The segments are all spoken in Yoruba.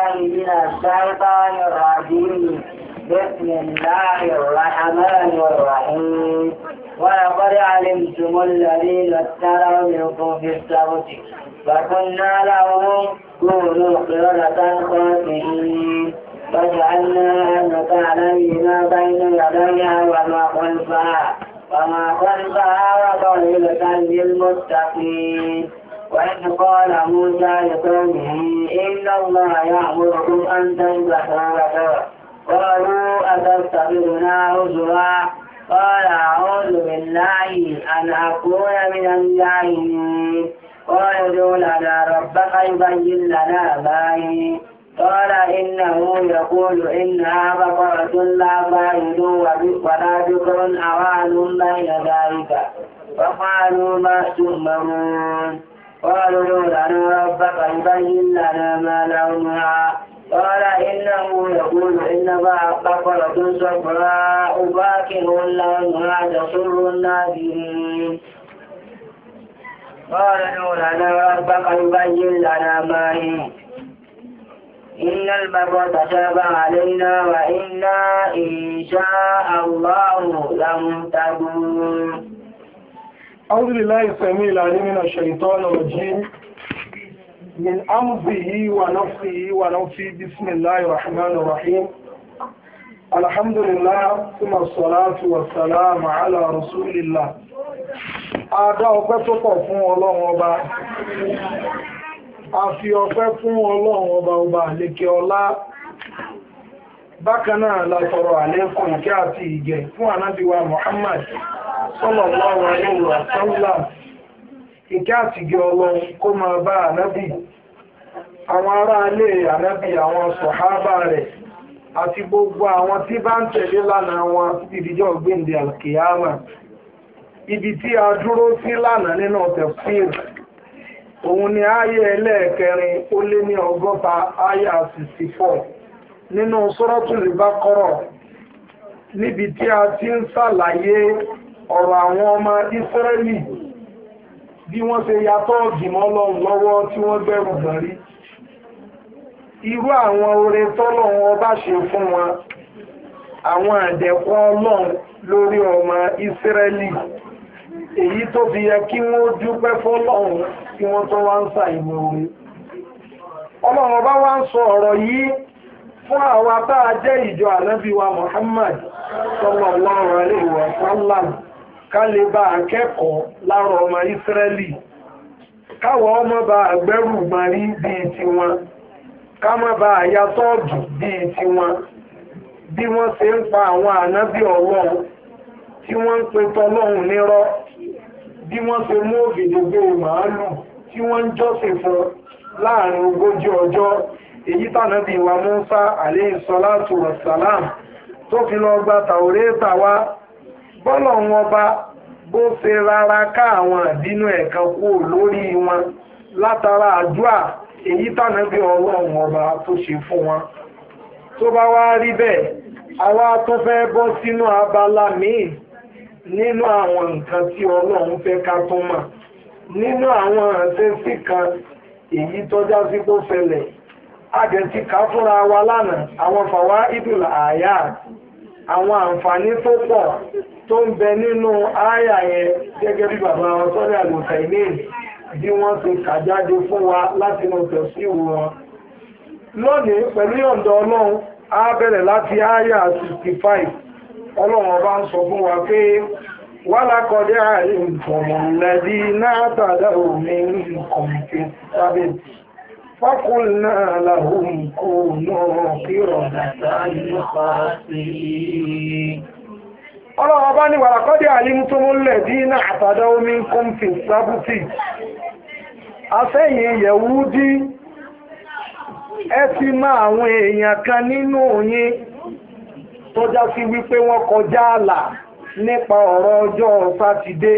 بالله من الشيطان الرجيم بسم الله الرحمن الرحيم ولقد علمتم الذين اتلوا منكم في السبت فكنا لهم كونوا قردة خاسئين فجعلناها مكانا لما بين يديها وما خلفها وما خلفها وطريقة للمتقين وإذ قال موسى لقومه إن الله يأمركم أن تذبحوا بشرا قالوا أتتخذنا هزوا قال أعوذ بالله أن أكون من الجاهلين قال ادع لنا ربك يبين لنا ما هي قال إنه يقول إنها بقرة لا فارد ولا بكر أوان بين ذلك وقالوا ما تؤمرون قالوا لنا ربك يبين لنا ما لونها قال إنه يقول إنما بقرة صفراء باكر لونها تسر الناظرين قالوا لنا ربك يبين لنا ما هي إن البر تشابه علينا وإنا إن شاء الله لمهتدون أعوذ بالله السميع العليم من الشيطان الرجيم من أمضه ونفسه ونفسه بسم الله الرحمن الرحيم الحمد لله ثم الصلاة والسلام على رسول الله Adá ọpẹ́ tó pọ̀ fún Ọlọ́run ọba. A fi ọpẹ́ fún Ọlọ́run ọba ọba àlékè ọlá bákan náà la ìkẹ́ àti ìgẹ̀ fún anábíwa Muhammad sallallahu alaihi wa sallam ìkẹ́ àti ìgẹ̀ ọlọ́run kó ma bá ànábì àwọn ará ilé ànábí àwọn sọ̀hábà rẹ̀ àti gbogbo àwọn tí bá ń tẹ̀lé lánàá wọn ìdíjọ́ ibi tí a dúró sí lánàá nínú òun ni ayé ẹlẹ́ẹ̀kẹrin ó lé ní nínú Suratul Baqara níbi tí a ti ń ṣàlàyé ọ̀rọ̀ àwọn ọmọ Ísírẹ́lì bí wọ́n ṣe yàtọ̀ ọ̀gìmọ́ lọ́wọ́ lọ́wọ́ tí wọ́n gbẹ̀rù gbẹ̀rí irú àwọn oore tọ́lọ́run ọba ṣe fún wọn àwọn àdẹ̀kọ́ ọlọ́run lórí ọmọ Ísírẹ́lì èyí tó fi yẹ kí wọ́n dúpẹ́ fọ́lọ́run kí wọ́n tó wá ń ṣàìmọ̀ oore ọlọ́run ọba wá ń sọ ọ̀rọ̀ yìí fún àwọn apá ajẹ́ ìjọ ànábì Muhammad sallallahu alaihi wa sallam ká lè bá akẹ́kọ̀ọ́ lára ọmọ Ísírẹ́lì káwọ ọmọ bá àgbẹ́rù marí bíi tiwọn ká bá àyà bíi tiwọn bí wọ́n ṣe ń pa àwọn pe tọlọ́run nírọ́ bí wọ́n ṣe mú màálù tí wọ́n ń jọ́sìn fún láàrin ogójì ọjọ́ èyí tànàbí wa Mùsá alayhi salatu wassalam tó fi lọ gba tàwórẹ́tà wa bọ́lọ̀ wọn bá bó ṣe rárá ká àwọn àbínú ẹ̀kan kú lórí wọn látara àdúrà èyí tànàbí ọlọ́run ọba tó ṣe fún wọn tó bá wá rí bẹ́ẹ̀ àwa tó fẹ́ bọ́ sínú abala míì nínú àwọn èyí tọ́já sí kó ṣẹlẹ̀ àjẹ̀sí ká fúnra wa lánàá àwọn fàwa ìdùlà àyà àwọn àǹfààní tó pọ̀ tó ń bẹ nínú àyà yẹn gẹ́gẹ́ bí bàbá wọn sọ́dọ̀ àlùkà ìmẹ́ẹ̀lì bí wọ́n ti kà jáde fún wa láti inú tẹ̀síwò wọn. lónìí pẹ̀lú yọ̀ǹda ọlọ́run á bẹ̀rẹ̀ láti àyà 65 ọlọ́run ọba ń sọ fún wa pé wàlákọ̀dé àìlè ìfọ̀mọ̀lẹ́dí náà tàdá òmìnir فقلنا لهم كونوا قردة خاسئين ọlọ́wọ́ bá ní wàràkọ́dí àlímtúmúlẹ̀ dínà àtàdá omi kọ́mfì sábútì afẹ́yìn yẹ̀wúdí ẹ ti má àwọn èèyàn kan nínú yín tó já sí wípé wọ́n kọjá àlà nípa ọ̀rọ̀ ọjọ́ sátidé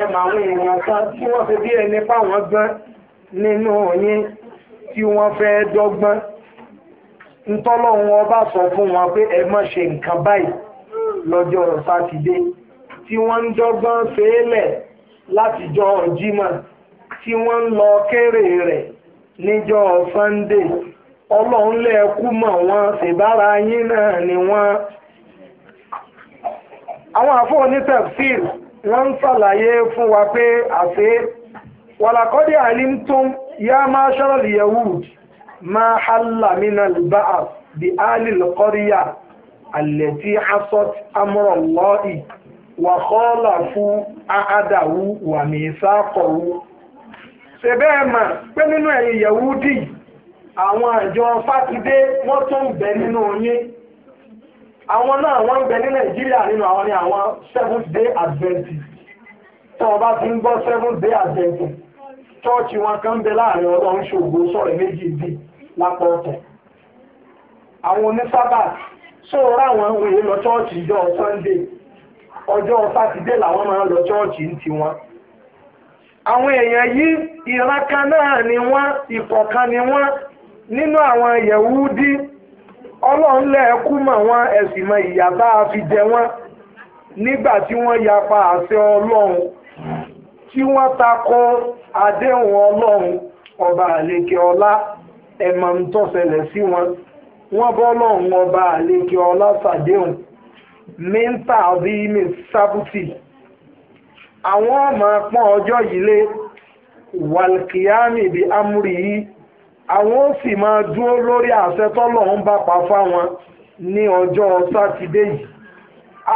ẹ àwọn èèyàn kan tí wọ́n fi bí ẹni pa wọ́n nínú yín tí wọ́n fẹ́ dọ́gbọ́n ntọ́lọ́run ọba sọ fún wọn pé ẹ má ṣe nǹkan báyìí lọ́jọ́ sátidé tí wọ́n ń dọ́gbọ́n fèélẹ̀ látijọ́ jímọ̀ tí wọ́n ń lọ kéré rẹ̀ níjọ́ sannde ọlọ́run lẹ́ẹ̀kú mọ̀ wọn ṣèbára yín náà ni wọ́n. àwọn àfọ̀ onítẹ̀fíìl wọ́n ń ṣàlàyé fún wa pé àṣẹ walakọdí alimtum ya ma ṣarar yahud ma halla minal ba'ar bi alil ƙoriya alleti hasot amuran lo'i wa kọlafu a adawu wa mesa kọwu sebe ma pe ninu eyi yahudi awọn ajo fatide won to n be ninu onye awọn na awọn n ni nigeria ninu awon ni awon seventh day adventist tó ọba ti ń gbọ́ seven day àjẹ̀kùn chọ́ọ̀chì wọn kan bẹ láàrin ọlọ́run ṣògbó sọ̀rọ̀ méjì bí lápá ọ̀tẹ̀ àwọn onísábà sóòrò àwọn ohun èlò lọ chọ́ọ̀chì ìjọ sunday ọjọ́ sátidé làwọn máa ń lọ chọ́ọ̀chì ń ti wọn àwọn èèyàn yìí ìraka náà ni wọ́n ìkọ̀kan ni wọ́n nínú àwọn yẹ̀wúdí ọlọ́run lẹ́ẹ̀kú mọ̀ wọn ẹ̀sìn mọ ìyà bá a fi jẹ wọn nígbà tí wọ́n yapa àṣẹ ọlọ́run tí wọ́n takò àdéhùn ọlọ́run ọba àlekè ọlá ẹ̀mọ̀ ń tó ṣẹlẹ̀ sí wọn wọ́n bọ́ lọ́run ọba àlekè ọlá ṣàdéhùn mẹ́ńtà àbí mẹ́sábùtì àwọn ọmọ pọ́n ọjọ́ yìí lé wàlkìyámì bí amúrì yìí àwọn ó sì máa dúró lórí àṣẹ tọ́lọ̀ ń bá pa fáwọn ní ọjọ́ sátidé yìí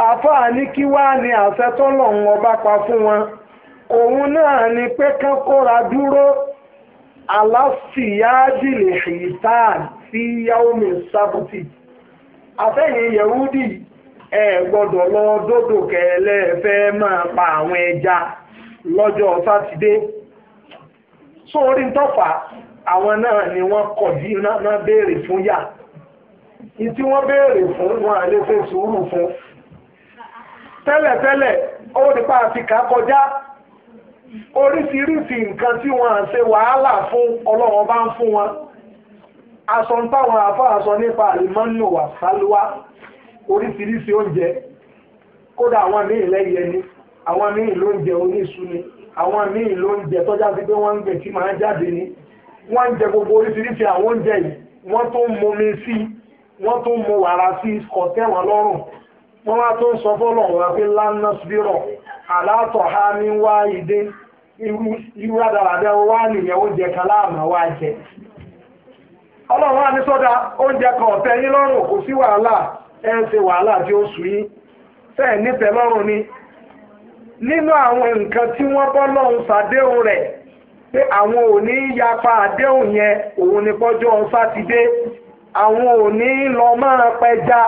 àáfàá ní kí wá ní àṣẹ tọ́lọ̀ ọba pa fún wọn. òun náà ni pé kán kóra dúró aláfíyájìlè hìtàn sí yaomi sábùtì àfẹ́yìn yẹ̀wúdì ẹ gbọ́dọ̀ lọ dódò kẹlẹ́ fẹ́ máa pa àwọn ẹja lọ́jọ́ sátidé sórí tọ́fà àwọn náà ni wọ́n kọ̀dí náà béèrè fún yà ìtí wọ́n béèrè fún wọn sùúrù fún tẹ́lẹ̀tẹ́lẹ̀ ó nípa àfikà kọjá oríṣiríṣi nǹkan tí wọ́n à ń ṣe wàhálà fún ọlọ́run bá ń fún wọn aṣọ ń táwọn àfáà sọ nípa àlìmọ́nù wà sálúwá oríṣiríṣi oúnjẹ kódà àwọn míì lẹ́yẹ ni àwọn míì ló ń jẹ oníṣu ni àwọn míì ló ń jẹ tọ́já sí pé wọ́n ń gbẹ̀ tí máa jáde ni wọ́n ń jẹ gbogbo oríṣiríṣi àwọn oúnjẹ yìí wọ́n tó ń momi sí wọ́n tó ń mu wàrà sí kọ̀tẹ́wọ̀n lọ́rùn wọ́n wá tó ń sọ fọ́lọ̀ wọn pé lánàá sbírọ̀ àlàtọ̀ ha ni wá ìdé iru rádaràdá wá nìyẹn oúnjẹ kan láàmà wá jẹ ọlọ́run wá ní oúnjẹ kan ọ̀tẹ́ yín kò sí wàhálà ẹ ń ṣe wàhálà tí ó sùn yín ni nínú àwọn nǹkan tí wọn bọ lọrun pé àwọn ò ní yapa àdéhùn yẹn òun ni sátidé àwọn ò ní lọ máa pẹja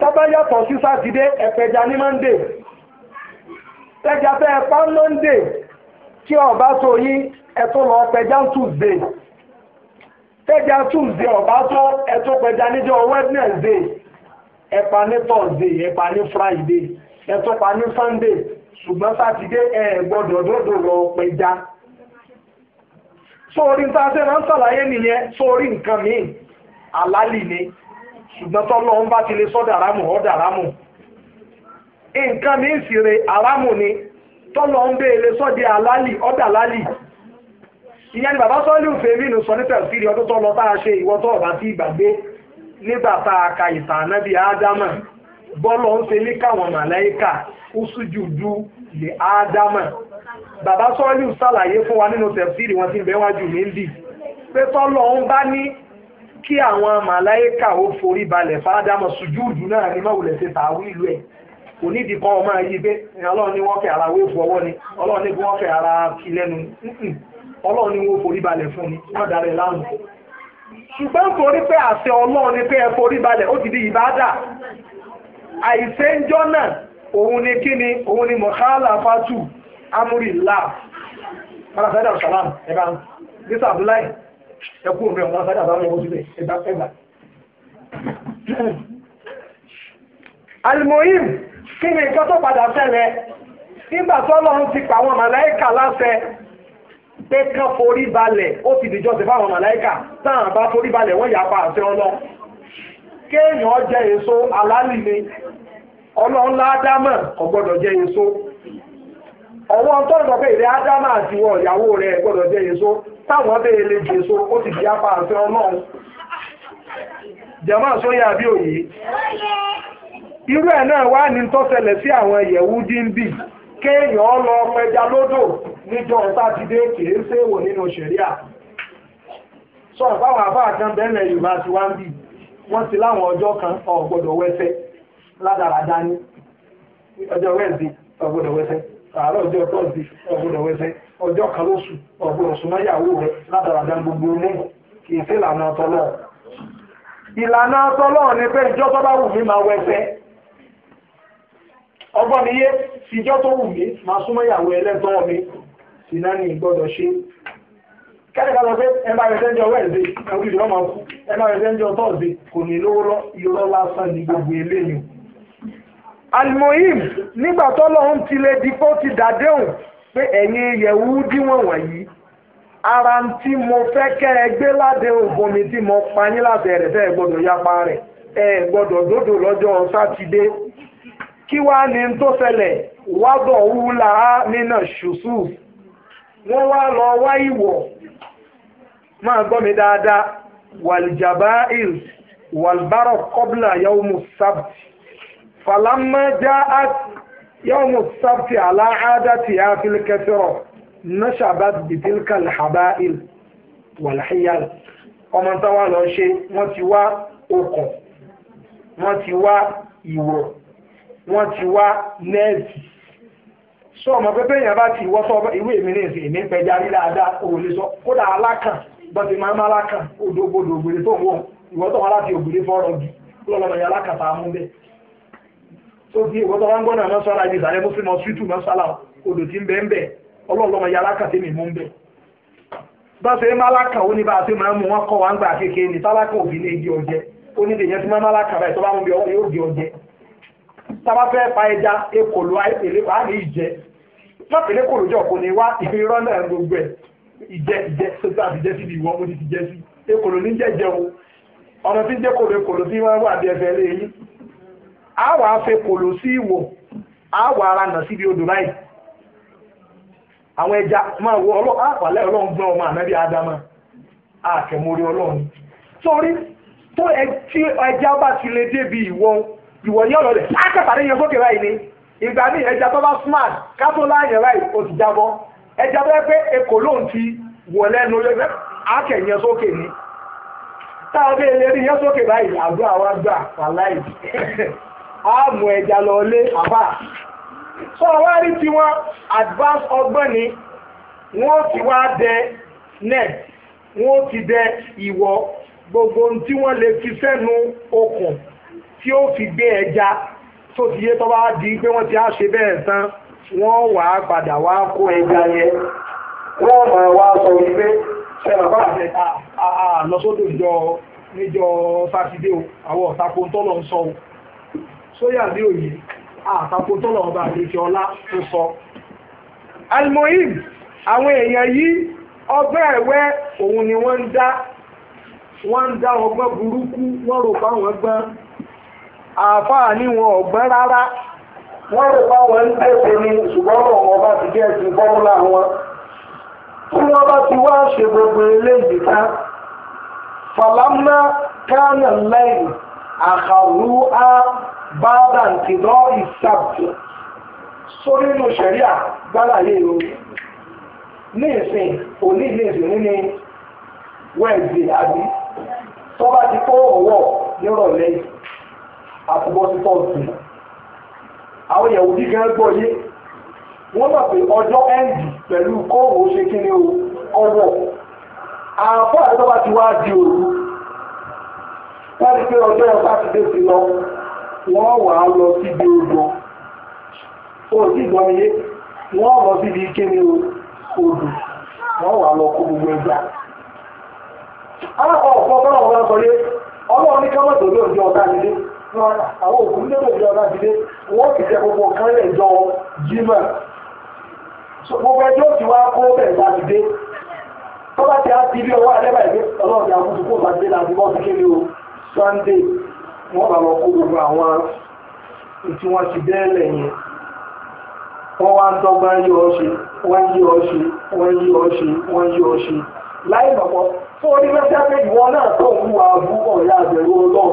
tọ́bá yàtọ̀ sí sátidé ẹ̀pẹja tẹ́jà bẹ́ẹ̀ pa Monday kí ọba tó yí ẹ̀tọ́ lọ pẹja Tuesday tẹ́jà Tuesday ọba tó ẹ̀tọ́ pẹja níjọ́ Wednesday ẹ̀pa ní Thursday ẹ̀pa ní Friday ẹ̀tọ́ pa ní Sunday ṣùgbọ́n sátidé ẹ̀ gbọ́dọ̀ dòdò lọ pẹja sórí ń tàṣẹ máa ń sàlàyé nìyẹn sórí nǹkan míì àlálì ni ṣùgbọ́n tọ́lọ́ ń bá ti lè sọ́dàrámù ọ̀dàrámù. So nǹkan mi sì re ni tọ́lọ̀ ń béèrè sọ́dẹ̀ àlálì ọ̀dà lálì ìyẹn ni bàbá sọ ní tẹ̀síìrì ọdún tó lọ tá ṣe tó ọ̀bá tí ìgbàgbé nígbà tá a ka ìtàn ádámà bọ́lọ̀ ń ṣe ní káwọn màláìkà usujudu lè ádámà bàbá sàlàyé fún wa nínú wọn ti ń bẹ́ ni kò nídìí kọ́ ọmọ ayé gbé ọlọ́run ní wọ́n fẹ́ ara wéèfù ọwọ́ ni ọlọ́run ní wọ́n fẹ́ ara fi lẹ́nu ọlọ́run ní wọ́n forí balẹ̀ fún ni wọ́n darẹ̀ láàmú. ṣùgbọ́n torí pé àṣẹ ọlọ́run ni pé ẹ forí balẹ̀ ó ti di ìbádà àìsẹ́njọ́ náà òun ni kíni òun ni mọ̀hálà fatu amúrìlá mọ́lásádà ọ̀sálàm ẹ̀bá nísà abdullahi ẹkú òun rẹ̀ mọ́lásádà salam ẹ̀bá sílẹ̀ ẹ̀bá ẹ̀bá. alimoyim kí ni nǹkan tó padà ṣẹlẹ̀ nígbà tó ọlọ́run ti pa àwọn màláìkà láṣẹ pé kán forí balẹ̀ ó ti dìjọ́sìn fáwọn màláìkà táwọn bá forí balẹ̀ wọ́n yà pa àṣẹ ọlọ́run kéèyàn jẹ èso alálì ni ọlọ́run ládámà kò gbọ́dọ̀ jẹ èso ọwọ́ tó ń sọ pé ìrẹ́ ádámà àti ìwọ ìyàwó rẹ̀ gbọ́dọ̀ jẹ èso táwọn bẹ́ẹ̀ lè jẹ èso ó ti di apá àṣẹ ọlọ́run jẹ̀mọ́ àṣọyẹ àbí òyìí irú ẹ̀ náà wá ní tó sí àwọn Yẹ̀wúdí ń kéèyàn lọ pẹja lódò níjọ sátidé kìí séwò nínú ṣẹ̀ríà sọ ìfáwọn àfáà bẹ́ẹ̀lẹ̀ Yorùbá ti wá ń bì wọ́n ti láwọn ọjọ́ kan ọ̀gbọ́dọ̀ wẹ́sẹ̀ ládàradá ní ọjọ́ wẹ́ẹ̀dì ọ̀gbọ́dọ̀ wẹ́sẹ̀ àárọ̀ ọjọ́ tọ́sí ọ̀gbọ́dọ̀ wẹ́sẹ̀ ọjọ́ kan lóṣù ọ̀gbọ́dọ̀ súnmọ́yàwó rẹ̀ gbogbo kìí sí ìlànà ìlànà ni pé ọgbọ́n ni yé fìjọ́ tó wù mí máa súnmọ́ ìyàwó ẹlẹ́gbọ́n mi sì náà ní ìgbọ́dọ̀ ṣe kẹ́lẹ́ka lọ pé ẹ bá rẹ̀ sẹ́ńjọ wẹ́ẹ̀dẹ̀ ẹ̀kúrìdì ọmọ kú ẹ bá rẹ̀ sẹ́ńjọ tọ́ọ̀dẹ̀ kò ní lówó lọ irọ́ lásán ní gbogbo eléyìí. almohim nígbà tọ́lọ́hún ti lè dipó ti dàdéhùn pé ẹ̀yin yẹ̀wú díwọ̀n wọ̀nyí ara ń tí mo fẹ́ kẹ́ ẹ gbé láde òbomi tí mo pa yín láti ẹ̀rẹ̀ fẹ́ gbọ́dọ̀ yapa rẹ̀ ẹ gbọ́dọ̀ dódò lọ́jọ́ sátidé kí wá ní tó ṣẹlẹ̀ wábọ̀ wúlà nínà ṣùṣù wọ́n wá lọ wá ìwọ̀ máa gbọ́ mi dáadáa wàlìjàbáìl wàlbárọ̀ kọ́bùlà yawmu sábtì fàlámà já yawmu sábtì aláàdá ti yá fílkẹsìrọ̀ náṣàbá bìtìlkà làbáìl wàlàhíyàl ọmọ táwa lọ ṣe wọ́n ti wá okùn wọ́n ti wá ìwọ̀ wọ́n ti wá nẹ́ẹ̀tì sọ ọmọ pẹ́pẹ́ èèyàn bá ti wọ́ sọ ìwé mi ní ìsìn ìmí pẹja rí dáadáa òòlè sọ kódà alákàn bọ́sẹ̀ máa má alákàn odògbodò ògbèrè tó ń wọ̀ ìwọ́ wọn láti fọ́ọ̀rọ̀ lọ́lọ́mọ mú bẹ́ẹ̀ tó wọn gbọ́nà ibi ìsàlẹ̀ mọ́sí mọ́ sítú odò tí ń bẹ́ẹ̀ bẹ́ẹ̀ ọlọ́lọ́mọ mi mú bẹ́ẹ̀ bọ́sẹ̀ alákàn ó ní a ti máa mú wọn kọ́ wa ń gbà kékeré ní tálákà òbí ní tàbá fẹ́ pa ẹja ekòló àìpèlé wà ní ìjẹ má pèlé kòló ọkụ ni wá ìrọ́ náà gbogbo ẹ̀ ìjẹ ìjẹ sọ́tà síbi mo ti ti sí ní o ọ̀nà tí ń jẹ́ tí wọ́n wà bí lé yín á wà á fẹ́ sí á wà ara nà síbi odò àwọn ẹja máa wọ ọlọ́run gbọ́n ọmọ ìwọ ní ọ̀rọ̀ rẹ̀ ákàtàrí yẹn sókè báyìí ni ìgbà míì ẹja tó bá smart kátó láàyàn báyìí ó ti jábọ́ ẹja bẹ́ẹ̀ pé ekò ló ń ti wọ̀ lẹ́nu lẹ́gbẹ́ ákẹ̀yẹn sókè ni táwọn bẹ́ẹ̀ lè rí yẹn sókè báyìí àdúrà wa gbà wàláì àmú ẹja lọ lé àbá sọ wá rí tiwọn advance ọgbọ́n ni wọ́n ti wá dẹ net wọ́n ti dẹ ìwọ gbogbo tí wọ́n lè fi sẹ́nu okùn tí ó fi gbé ẹja tó ti yé tó bá di pé wọ́n ti á ṣe bẹ́ẹ̀ tán wọ́n wà á padà wá kó ẹja yẹn wọ́n máa wá sọ wípé ṣẹlẹ̀ bá àṣẹ àlọ́sódò jọ níjọ sátidé o àwọn ọ̀tàkùn tọ́lọ̀ ń sọ o almohim àwọn èèyàn yìí ọgbẹ́ ẹ̀wẹ́ òun ni wọ́n ń dá wọ́n ń dá ọgbọ́n burúkú wọ́n rò pa àwọn àáfàá ní wọn ọ̀gbọ́n rárá. wọ́n rò bá wọn ń tẹ̀sẹ̀ ni ṣùgbọ́n ọ̀wọ́n bá ti jẹ́ ti fọ́múlà wọn. tí wọ́n bá ti wá ṣe gbogbo eléyìí tán fàlámà kánà lẹ́yìn àkàrú á bàbá ntìdọ́ ìsàbùtù sórí inú ṣẹ̀ríà gbálàyé o ní ìsìn òní ní nínú wẹ́ẹ̀dì àbí tó bá ti kó ọ̀wọ́ nírọ̀lẹ́yìn àti bọ́sí tọ́ọ̀tì àwọn ìyàwó gíga gbọ́ yé wọ́n mọ̀ pé ọjọ́ ẹ́ǹdì pẹ̀lú kóòwò ṣe kí ni ọwọ́ àfọ́ àtọ́wá ti wá di òru wọ́n ti pé ọjọ́ sátidé ti lọ wọ́n wà á lọ síbi odò òsì ìgbọ̀nyé wọ́n lọ síbi kíni odò wọ́n wà lọ kó gbogbo ẹgbà. alákọ̀ọ́kọ́ báwọn wá sọ yé ọlọ́run ní kámọ́tò ní òjò ọ̀tá nílé àwọn òkú lérò ìjọ ọlájídé wọ́n ti tẹ gbogbo kan lè jọ jimá gbogbo ẹjọ́ ti wá kó bẹ̀rẹ̀ lájídé tó bá ti á ti bí ọwọ́ alẹ́bàá ìgbé ọlọ́run ní àkóso kó lájídé láti bọ́ sí kéde o Sunday wọ́n bá lọ kó gbogbo àwọn tí wọ́n ti bẹ́ẹ̀ lẹ́yìn wọ́n wá ń dọ́gba yí ọ ṣe wọ́n yí ọ ṣe wọ́n yí ọ ṣe wọ́n yí ọ ṣe láì mọ̀kọ́ fún orí mẹ́tẹ́ẹ̀tì wọn náà tó ń wá bú ọ̀yà àbẹ̀rù ọlọ́run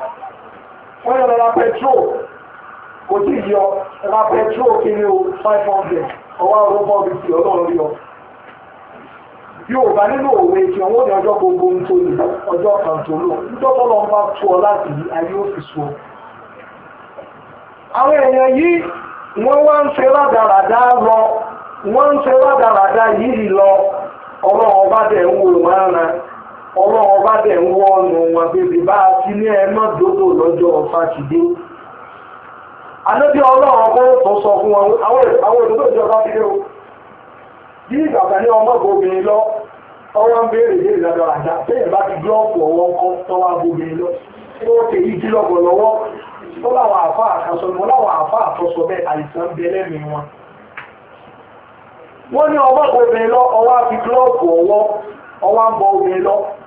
wọ́n yẹ lọ ra kò tí ì yọ ra petrol kí ni five hundred ọ̀rọ̀ four fifty ọlọ́run rí ọ. yóò bá nínú òwe tí ní ọjọ́ gbogbo ń tó lè ọjọ́ kan tó lò nítorí ọlọ́run bá láti ayé òfìsù àwọn èèyàn yìí wọ́n wá ń ṣe lọ wọ́n ń ṣe yìí lọ ọlọ́run ọba dẹ̀ ń ọwọ́ ọba dẹ̀ ń wọ ọ̀nà wọn bèbè bá a ti ní ẹ̀mọ́ dòdò lọ́jọ́ sọ fún wọn àwọn ti dé o. Bí ìgbàgbà ní ọmọ obìnrin lọ, ọwọ́ ń béèrè ní ìlànà àdá bẹ́ẹ̀ bá ti ọwọ́ kọ́ tọ́wọ́ lọ. Ó yí jí lọ́gọ̀ lọ́wọ́. Ó láwọn àfa ni wọn. Wọ́n ní ọmọ lọ ọwọ́ á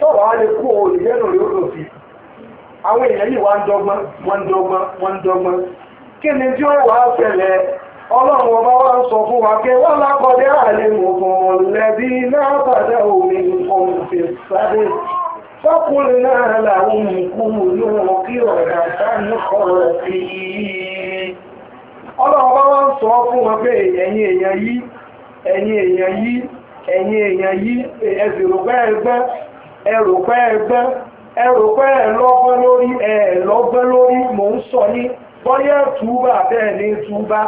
tọ́wọ́ á lè kó ìdẹ́nu rẹ̀ ó lò sí àwọn èèyàn yìí wá ń dọ́gbọ́n wọ́n ń dọ́gbọ́n wọ́n ń dọ́gbọ́n kí ni tí ó wàá fẹ̀lẹ̀ ọlọ́run ọba wa ń sọ fún wa pé wọ́n lákọ̀dé àlemọ̀kàn náà bàdá omi nǹkan fi sáré fọ́kùnrin náà làwọn ẹrù pẹ́ ẹgbẹ́ ẹrù pẹ́ ẹlọ́gbọ́n lórí lórí mò ń sọ ní bọ́yẹ̀ túbà bẹ́ẹ̀ ní túbà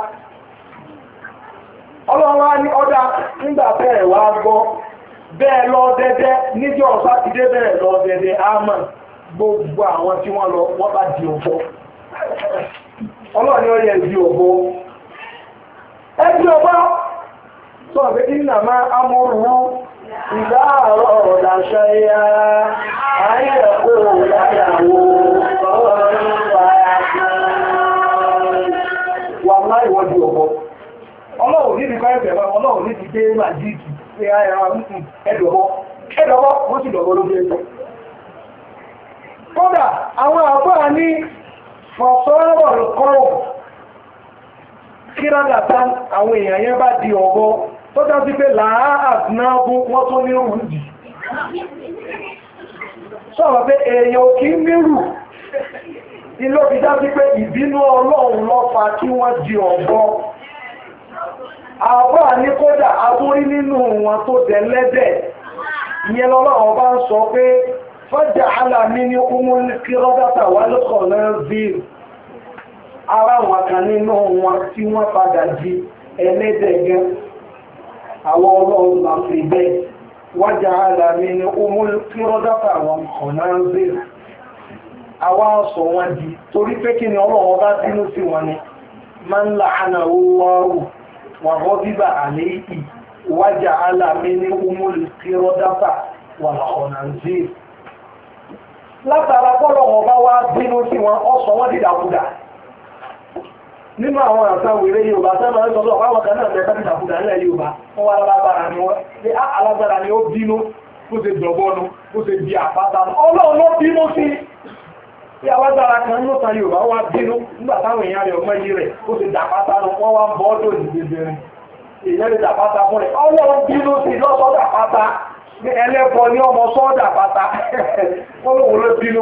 ní nígbà bẹ́ẹ̀ wá bẹ́ẹ̀ gbogbo àwọn tí wọ́n lọ wọ́n bá di di ẹ di إذا أراد شيئا أن يقول له Ọlọ́run ní ìdíkọ́ ẹ̀fẹ̀ ọlọ́run ní ti dé Màjíìkì pé ẹ̀dọ̀bọ́. àwọn fọ̀sọ́rọ̀ kọ́rọ̀ kí àwọn èèyàn yẹn bá di tó já sí pé làáàt náà bú wọ́n tún ní òun dì sọ̀rọ̀ pé èèyàn ò kí nírù ilé òbí já sí pé ìbínú ọlọ́run ló kí wọ́n di ọ̀bọ àbá ní kódà abúrí nínú wọn tó dẹ̀ lẹ́dẹ̀ ìyẹn lọ́lọ́run bá ń sọ pé fọ́jà alámi ní kúmúlùkírọ́dátà wà lọ́kọ̀ lẹ́rìn ara wọn kan nínú wọn tí wọ́n padà di ẹlẹ́dẹ̀ gan àwọn ọlọ́run bá fi bẹ́ẹ̀ wájà alàmì ni umul kírọ́dọ́tà wọn kọ̀nà ń wọn di torí pé kí ni ọlọ́run bá bínú sí wọn ni máa ń la àna owó wà wọ́n bíbà àlẹ́ yìí wájà alàmì ni umul kírọ́dọ́tà wọn ń látara bọ́lọ̀ wọn nínú àwọn àṣà wèrè yorùbá sábà ń sọ́dọ̀ àwọn náà mẹ́ta níta fúdà nílẹ̀ yorùbá wọ́n wá ni wọ́n ṣe alágbára ni ó bínú bó ṣe dọ̀bọ́nu bó ṣe di àpáta ló bínú sí i alágbára kan ló ta yorùbá wá bínú nígbà táwọn èèyàn rẹ̀ ọmọ yìí rẹ̀ ó ṣe dàpáta wọ́n wá bọ́ ní ní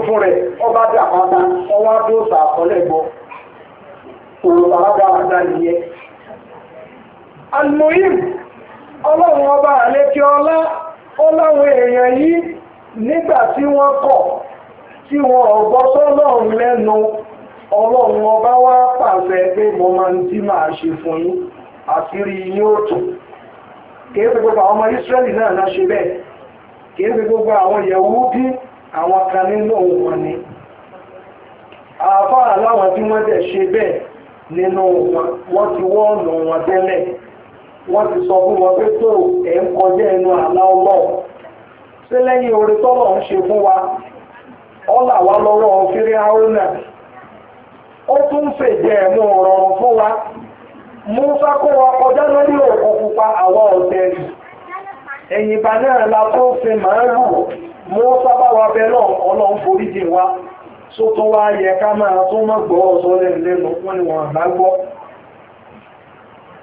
ọmọ òun àwádáadá nìyẹn. almohim ọlọ́run ọba àlékí ọlá èèyàn yìí nígbà tí wọ́n kọ̀ tí wọn ò sọ́lọ́run lẹ́nu ọlọ́run ọba wá pàṣẹ pé mo máa ń tí máa ṣe fún yín àkírí yín ó gbogbo ọmọ náà náà ṣe bẹ́ẹ̀ kìí gbogbo àwọn àwọn kan nínú òun wọn ni láwọn tí wọ́n nínú wọn wọ́n ti wọ́ ọ̀nà wọn tẹ́lẹ̀ wọ́n ti sọ fún wọn pé tó ẹ̀ ń kọjá ẹnu àlá ọlọ́ọ̀ ṣé lẹ́yìn orí tọ́lọ̀ ń ṣe fún wa ọlà wa lọ́wọ́ fírí haúnà ó tún ń fèjẹ́ ẹ̀mú rọrùn fún wa Musa kó wa kọjá lórí òkun pupa àwa ọ̀tẹ̀ rì ẹ̀yìnbá náà la tó ń fi màálù Musa bá wa bẹ náà ọlọ́run foríjì wa. tó tó wá yẹ ká máa tó mọ́ gbọ́ ọ̀sọ́ lẹ́nu wọ́n ni wọ́n àbá gbọ́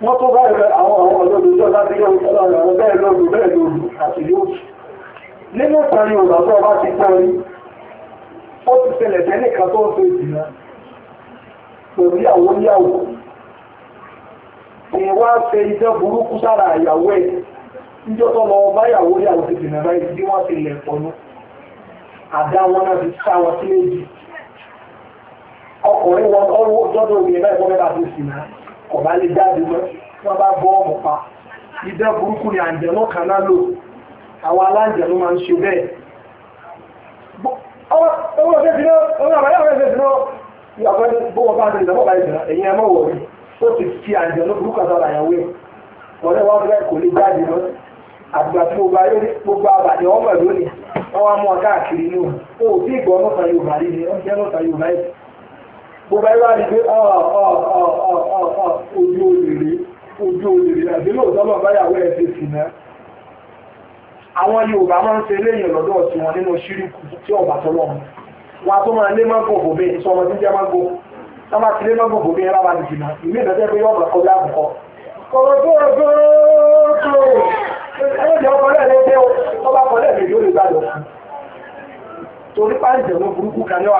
wọ́n tó bá rẹ̀ àwọn àwọn olóòdòdó láti yọ ìtọ́lá rẹ̀ tó lọ bá ìyàwó ti báyìí bí wọ́n ti lẹ̀ àdá wọn náà ti ọkùnrin wọn ọrùn ọjọ́dọ̀ obìnrin náà ìfọ́fẹ́ bá ti sìn náà ọ̀bá lè jáde mọ́ wọ́n bá bọ́ ọmọ pa idẹ́ burúkú ni àǹjẹ̀nú kan lò àwọn aláǹjẹ̀nú máa ń ṣe bẹ́ẹ̀. ọwọ́ ọ̀sẹ̀ ti ti gbogbo ẹgbẹ́ àti pé ah, ah, ah, ojú olèrè ojú olèrè àti lóòótọ́ lọ báyàwó ẹ̀ ti sì náà àwọn Yorùbá máa ń ṣe eléyìn lọ́dọ̀ tí wọn nínú ṣíríkù tí ọ̀bà tọ́lọ́ wọn tó máa lé mágò bòbí sọ ọmọ tí jẹ́ mágò tó máa ti lé mágò bòbí ẹ lábàá ti jìnnà ìlú ìdájọ́ pé yọ̀ọ̀bà kọjá àbùkọ́. ọ̀rọ̀ tó rọ̀ gbọ́dọ̀ ẹ̀ẹ́dẹ̀ ọkọ̀ lẹ́ẹ̀lẹ́dẹ́ ọba kọ̀ lẹ́ẹ̀lẹ́dẹ́ ó lè gbàdọ̀ fún torí pàǹtẹ̀ ló burúkú kan ní ọ̀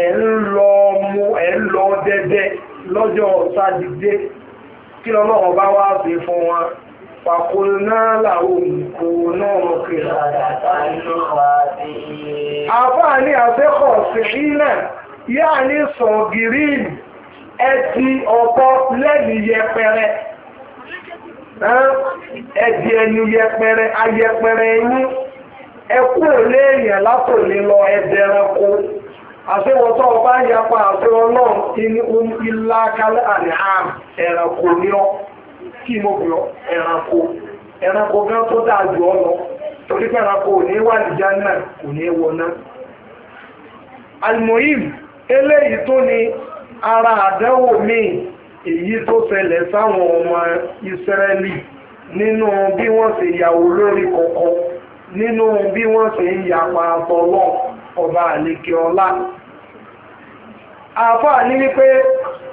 ẹ̀ ń lọ mú ẹ̀ ń lọ dẹ́dẹ́ lọ́jọ́ sátidé kí lọ́lọ́wọ́ bá wá sí fún wọn pàkóló náà làwọn òǹkó náà mọ̀ pé àbá ní àfẹ́kọ̀ sí náà yáà ní sọ̀gìrìnì ẹ ti ọ̀pọ̀ lẹ́nu yẹpẹrẹ ẹ̀dì ẹni yẹpẹrẹ ayẹpẹrẹ ẹni ẹkú ò léèyàn látòlé lọ ẹdẹranko àṣewọ̀tọ́ ọba yapa àṣẹ ọlọ́run inú um ilá kálẹ̀ àníhàm ẹ̀rànkò ní ọ kí mo bì ọ ẹ̀rànkò ẹ̀rànkò gan tó dáa jù ọ lọ torí pé ẹ̀rànkò ò ní wà níjà náà kò ní wọná. almohim eléyìí tó ní ara àdánwò míì èyí tó ṣẹlẹ̀ sáwọn ọmọ ìsírẹ́lì nínú bí wọ́n ṣe yàwó lórí kọ̀ọ̀kan nínú bí wọ́n ṣe ń yapa àtọ̀lọ́ọ̀ ọba àlekè ọlá àáfàá ní wípé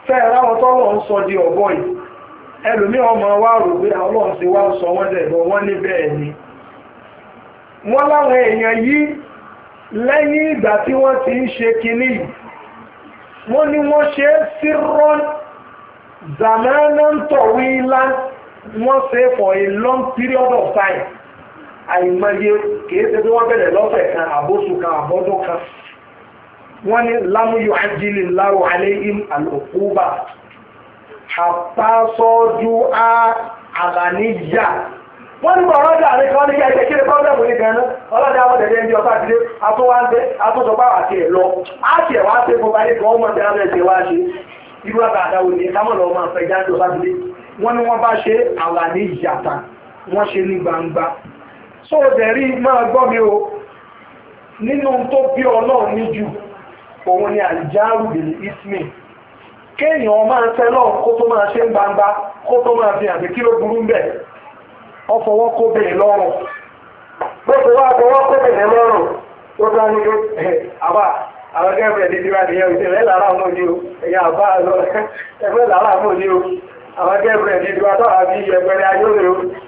fẹ́ ráwọn tọ́lọ̀ ń sọ di ọ̀bọ yìí ẹlòmí ọmọ wa rò pé ọlọ́run ti wá sọ wọ́n dẹ̀ bọ́ wọ́n ní bẹ́ẹ̀ wọ́n láwọn èèyàn yìí lẹ́yìn ìgbà tí wọ́n ti ń ṣe kinní yìí wọ́n ní wọ́n ṣe sírọ́n zàmánà ń tọ̀wé ńlá wọ́n ṣe for a long period of time àìmọye kìí ṣe tí wọ́n bẹ̀rẹ̀ lọ́fẹ̀ẹ́ kan àbóṣù kan àbọ́dún kan wọ́n ní lámúyọ̀ ajílì láwọ̀ aléhìm àlòkúbà àpásọ́jú á àlàníyà wọ́n ní bọ̀rọ̀ ọjà àrí kan ní kí ẹgbẹ́ kíni pọ́blẹ́mù ní ṣe wá ní kámọ̀lọ́ wọ́n ṣe ní gbangba so dẹ̀rí máa gbọ́ mi o nínú tó bí ọlọ́run òun ni àìjáàrù bèlè ismi kéèyàn máa ń tẹ́lọ̀ kó tó máa ṣe ń gbangba kó tó máa fi àti kí ló burú ń bẹ̀ ọfọwọ́ kó lọ́rùn gbogbo wa fọwọ́ lọ́rùn ó bá ní ẹ̀ o àbá àwọn o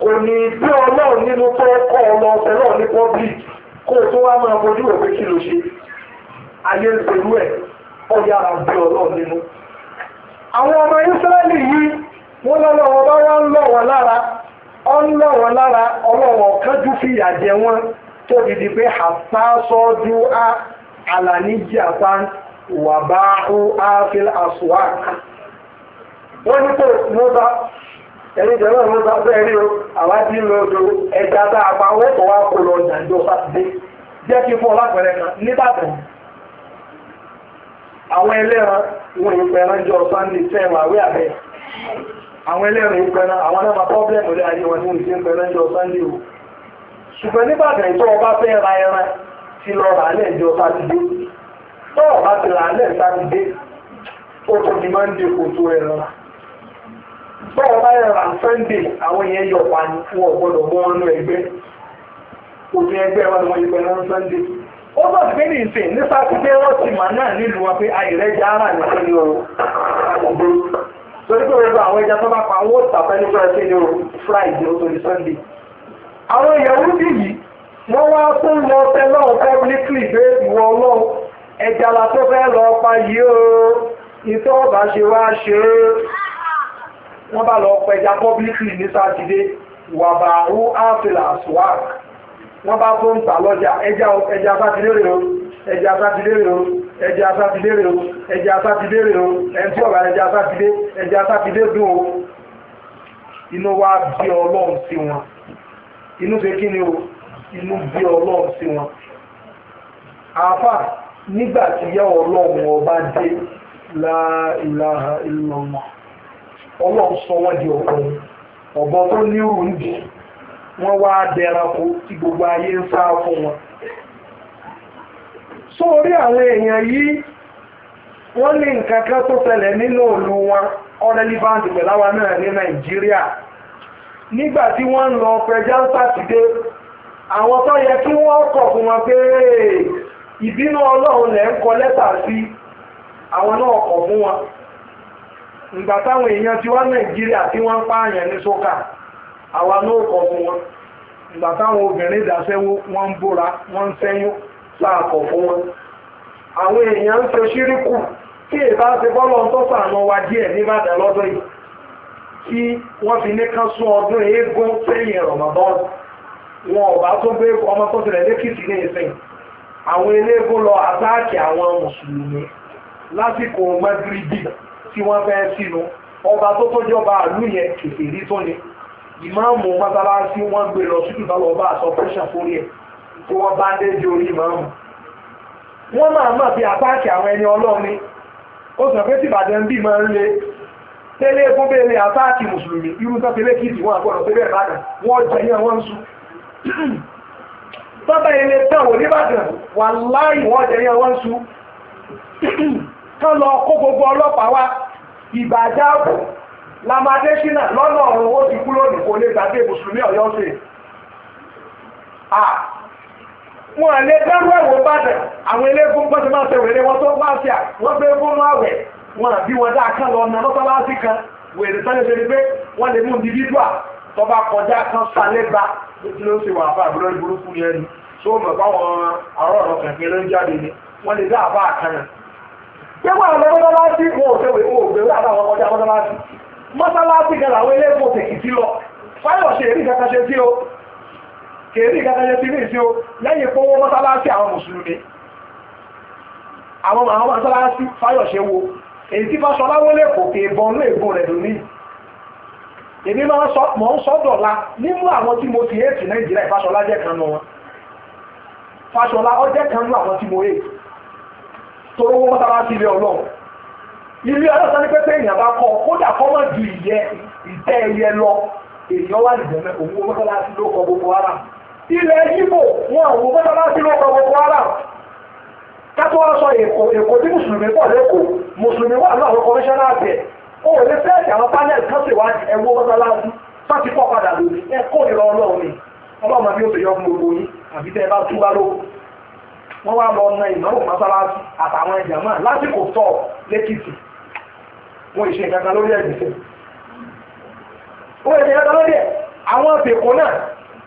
kò ní bí ọlọ́run nínú tó kọ́ ọmọ lọ ní public kó tó wá máa fojú òwe kí ló ṣe ayé ń pẹ̀lú ẹ̀ nínú. àwọn ọmọ Ísírẹ́lì yìí wọ́n ń wọ́n lára ọ ń lára ọlọ́wọ́ fìyà tó pé á wà bá ó á fi wọ́n ní bá ẹni jẹ́ náà ló bá bẹ́ẹ̀ rí o àwádìí ń lọ odò ẹja tá a pa wọ́n tó wá kó lọ ọjà ìjọ sátidé jẹ́ kí fún ọlápẹ̀rẹ̀ kan nìbàdàn àwọn ẹlẹ́ran wọn ìpẹ̀rẹ̀ jọ sunday ten àwé àbẹ̀ àwọn ẹlẹ́ran ìpẹ̀rẹ̀ àwọn náà máa pọ́blẹ́mù lé ayé wọn ní ìṣe ìpẹ̀rẹ̀ jọ sunday o ṣùgbọ́n nìbàdàn ìtọ́ ọba fẹ́ ra ẹran ti lọ rà ìjọ sátidé tọ́ ọba ti rà sátidé ó tó di máa ń dé kòtò ẹran bọ́ọ̀ bá yẹra sunday àwọn èèyàn yọ pani fún ọ̀gbọ́dọ̀ mọ́ ọ́nú ẹgbẹ́ òfin ẹgbẹ́ wa ni wọ́n yẹgbẹ́ náà sunday ó bọ̀ sí ní ìsìn ní sátidé wọ́n ti mà náà nílùú wọn pé àìrẹ́jà ara nìkan ni o àkùdé torí pé wọ́n bá àwọn ẹja tó bá pa owó tàbí ní fúráìdé ní o Friday ó torí sunday àwọn ìyàwó bí yìí wọ́n wá tún lọ fẹ́ lọ́wọ́ publicly pé ìwọ ọlọ́run ẹja la tó fẹ́ lọ pa yìí o ìtọ́ ọba ṣe wá ṣe é wọ́n bá lọ pẹja publicly ní sátidé wàbàrú áfìlà swag wọ́n bá tó ń tà lọ́jà ẹja ẹja sátidé rèé o ẹja sátidé rèé o ẹja sátidé rèé o ẹja sátidé rèé o ẹni tí ọ̀gá ẹja sátidé ẹja sátidé dùn o inú wa bí ọlọ́run sí wọn inú ṣe kí ni o inú bí ọlọ́run sí wọn àáfà nígbà tí yẹ ọlọ́run ọba dé la ilaha illallah ọlọ́run sọ wọ́n di ọkùnrin ọ̀bọ tó nírú ń dì wọ́n wá dẹranko tí gbogbo ayé ń sá fún wọn. sórí àwọn èèyàn yìí wọ́n ní nǹkan kan tó ṣẹlẹ̀ nínú òlu wọn ọ̀rẹ́lífáǹtì pẹ̀láwa náà ní nàìjíríà nígbà tí wọ́n ń lọ pẹja ń sátidé àwọn tó yẹ kí wọ́n kọ̀ fún wọn pé ìbínú ọlọ́run lẹ́ ń kọ lẹ́tà sí àwọn náà kọ̀ fún wọn. ìgbà táwọn èèyàn ti wá nàìjíríà tí wọ́n ń pààyàn ní sókà àwa náà kọ̀ fún wọn ìgbà táwọn obìnrin ìdásẹ́wó wọ́n ń bóra wọ́n ń sẹ́yún láàkọ̀ fún wọn àwọn èèyàn ń ṣe ṣíríkù ìbá ti bọ́lọ̀ ń tọ́sà àwọn wa díẹ̀ níbàdàn lọ́dọ̀ yìí kí wọ́n fi ní kán sún ọdún eégún sẹ́yìn rọ̀mọ́dọ́n wọn ò bá tó gbé ọmọ tó tilẹ̀ lẹ́kìtì ní ìsìn àwọn tí wọ́n fẹ́ sínú ọba tó tọ́jú ọba àlú yẹn kèsì rí tó ni ìmáàmù mọ́sálásí wọ́n gbé lọ sí ìbálò ọba àti ọpẹ́ṣà fórí ẹ̀ kí wọ́n bá déjì orí ìmáàmù wọ́n máa mọ̀ bí àtàkì àwọn ẹni ọlọ́ọ̀ni ó sọ pé tìbàdàn bí máa ń le tẹ́lẹ̀ fún bẹ́ẹ̀lẹ̀ àtàkì mùsùlùmí irú tó tẹ́lẹ̀ kìtì wọn àgbọ̀dọ̀ tẹ́lẹ̀ ìbàdàn wọ́n jẹ yẹn wọ́n ń sùn tọ́ba ilé tán wò níbàdàn wà láì wọ́n jẹ yẹn wọ́n ń sùn kán lọ kó gbogbo ọlọ́pàá wá ìbàjá lamadésínà lọ́nà ọ̀run ó ti kú lónìí kò lè gbàgbé mùsùlùmí ọ̀yọ́ sí wọn lè dẹ́rù ẹ̀wọ̀ bàdàn àwọn eléégún pẹ́ ti máa ṣe wèrè wọn tó bá ṣe à wọ́n gbé fóònù àwẹ̀ wọn àbí wọn dá kán lọ ọ̀nà lọ́sọ́láṣí kan wèrè sáré ṣe ni pé wọ́n lè mú indivídùà tó bá kọjá kan sálẹ́gbà tí ló ń ṣe wà fún àbúrò ìburúkú yẹn ni tó mọ̀ fáwọn arọ́ọ̀rọ̀ kẹ̀kẹ́ ló ń jáde ni wọ́n lè dá àbá àkànnà Yẹ́wọ́ àwọn ọmọ mọ́sálásí wọn ò tẹ̀wé wọn ò gbé wọ́n àtàwọn ọmọdé mọ́sálásí. Mọ́sálásí gan làwọn eléèkó tèkìtì lọ. Fáyọ̀ṣe èrí kankan ṣe sí o. Kèrí kankan ṣe sí ní ìṣe o. Lẹ́yìn ìpowó mọ́sálásí àwọn mùsùlùmí. Àwọn àwọn mọ́sálásí Fáyọ̀ṣe wo. Èyí tí Fáṣọlá wọlé kò kè bọ́nú ègbón rẹ̀ lónìí. Èmi máa ń sọ torí owó mọ́tàlá ti ilé ọlọ́run ilé ọlọ́sàn ní pẹ́pẹ́ èèyàn bá kọ́ kódà kọ́ mọ́ ju ìyẹ ìtẹ́ ẹyẹ lọ èèyàn wà nìyẹn mẹ́ òun owó mọ́tàlá ti ló kọ gbogbo ara ilẹ̀ yíbò wọn àwọn mọ́tàlá ti ló ara kátó wá sọ èkó èkó tí mùsùlùmí pọ̀ lẹ́kọ̀ọ́ mùsùlùmí wà àwọn kọmíṣánná àgbẹ̀ ó fẹ́ẹ̀sì àwọn kan sì wá wọ́n wá lọ na ìnáwó mọ́sálásí àtàwọn ẹ̀jẹ̀ náà lásìkò tọ̀ lẹ́kìtì wọ́n ìṣe kankan lórí ẹ̀gbẹ̀sẹ̀. ó ìṣe kankan lórí ẹ̀ àwọn àpèkó náà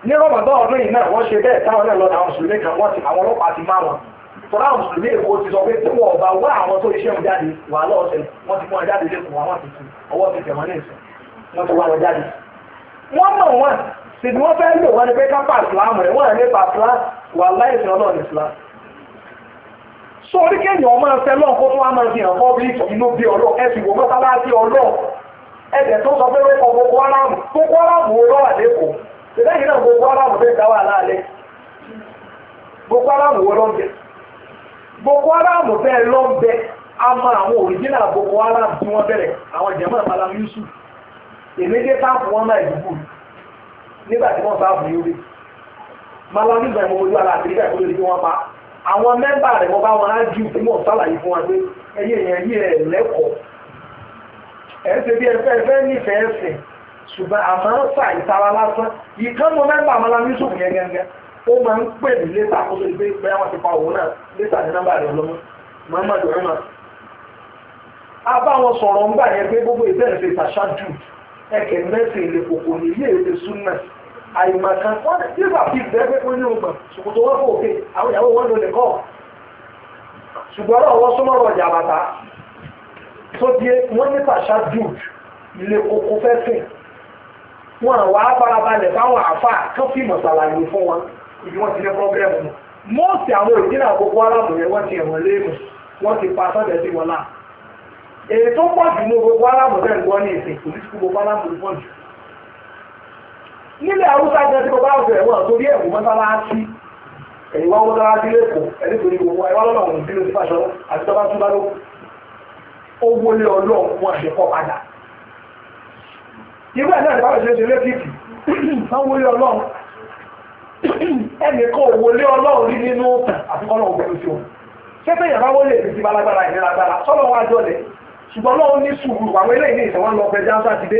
ní rọ́mọ̀dọ́ ọdún yìí náà wọ́n ṣe bẹ́ẹ̀ táwọn náà lọ́dọ̀ àwọn mùsùlùmí kan wọ́n ti àwọn ọlọ́pàá ti má wọn. tọ́lá àwọn mùsùlùmí èkó ti sọ pé tí wọ́n ọba wá àwọn tó iṣẹ́ wọn jáde wà lọ́ọ̀ṣẹ̀ wọ́n ti fún wọn jáde lẹ́kùn wọn ti tu ọwọ́ ti tẹ̀wọ́n ní ìsìn wọ́n ti wá wọn jáde. wọ́n mọ̀ wọn sì ni wọ́n fẹ́ lò wọn ni pé kápá ìsìlámù so orí kéèyàn ọmọ ẹsẹ̀ lọ́n kó tó wá máa fi hàn fọ́ bí inú bí ọlọ́ ẹ sì wò mọ́sálásí ọlọ́ ẹ̀jẹ̀ tó sọ pé ó kọ Boko Haram Boko Haram wo lọ́wọ́ àdékò ṣẹlẹ́yìn náà Boko Haram fẹ́ dá wà láàlẹ́ Boko Haram wo lọ́njẹ Boko Haram fẹ́ lọ́nbẹ a mọ àwọn òrìjínà Boko Haram tí wọ́n bẹ̀rẹ̀ àwọn jẹ̀mọ́ àmàlà Yusuf èmédé táàpù wọn náà ìdúgbò nígbà tí wọ́n sáàpù yóò rí màlá nígbà ojú ara àti nígbà ìkọlẹ́ àwọn mẹ́mbà rẹ̀ wọ́n bá wọn á jù fún mọ̀ sálàyé fún wa pé ẹyẹ yẹn yí ẹ lẹ́kọ̀ọ́ ẹ̀ ń ṣe bí ẹfẹ́ ẹfẹ́ nífẹ̀ẹ́ ẹ̀sìn ṣùgbọ́n àmọ́ ń sà ìtara lásán ìkan mọ mẹ́mbà àmọ́lá yusuf yẹn gẹ́gẹ́ ó máa ń pè ní létà kó tó di pé bẹ́ẹ̀ wọ́n ti pa òun náà létà ní nọ́mbà rẹ̀ lọ́mọ muhammadu umar a bá wọn sọ̀rọ̀ ńgbà yẹn pé gbogbo ìbẹ̀rẹ̀ ṣe tàṣájú ẹ̀kẹ́ mẹ́sìn ilé kòkò ní ilé èdè sunnah àìmọ̀kan wọ́n ti fà fi bẹ́ẹ̀ pé ní ọgbà ṣùgbọ́n tó wọ́n fò òkè àwọn ìyàwó wọn lò lè kọ́ ṣùgbọ́n ọ̀rọ̀ wọn súnmọ́ ọ̀rọ̀ ìjà bàtà tó di wọ́n ní pàṣà jude ilé koko fẹ́ sìn wọn àwọn afárabalẹ̀ fáwọn àfà tó fi mọ̀ ṣàlàyé fún wọn ìdí wọn ti ní pọ́blẹ́mù mu mọ́ọ̀sì àwọn òdínà àkókò aláàbò yẹn wọ́n ti ẹ̀wọ̀n léèmù wọ́n ti pa nílẹ̀ haúsá jẹ́ tí mo bá ọ̀sẹ̀ ẹ̀wọ̀n torí ẹ̀wọ̀n mọ́sálásí ẹ̀yìn wọn mọ́sálásí lẹ́kọ̀ọ́ ẹni torí gbogbo ẹ̀wà lọ́nà òun bí lóṣù fàṣọ àti tọ́ba tún bá ló ó wọlé ọlọ́run fún àṣekọ́ padà ìgbà náà nípa ìṣe ṣe lẹ́kìtì wọ́n wọlé ọlọ́run ẹnì kan wọlé ọlọ́run rí nínú àfikọ́ náà gbẹ̀rù sí wọn ṣé pé ìyàrá wọlé èdè ti bá lágbára ìnira gbára sọ́lọ́ wọn àjọlẹ̀ ṣùgbọ́n lọ́wọ́ ní sùúrù àwọn eléyìí ní ìṣẹ̀wọ́n lọ pẹ̀lú jáńsá ti dé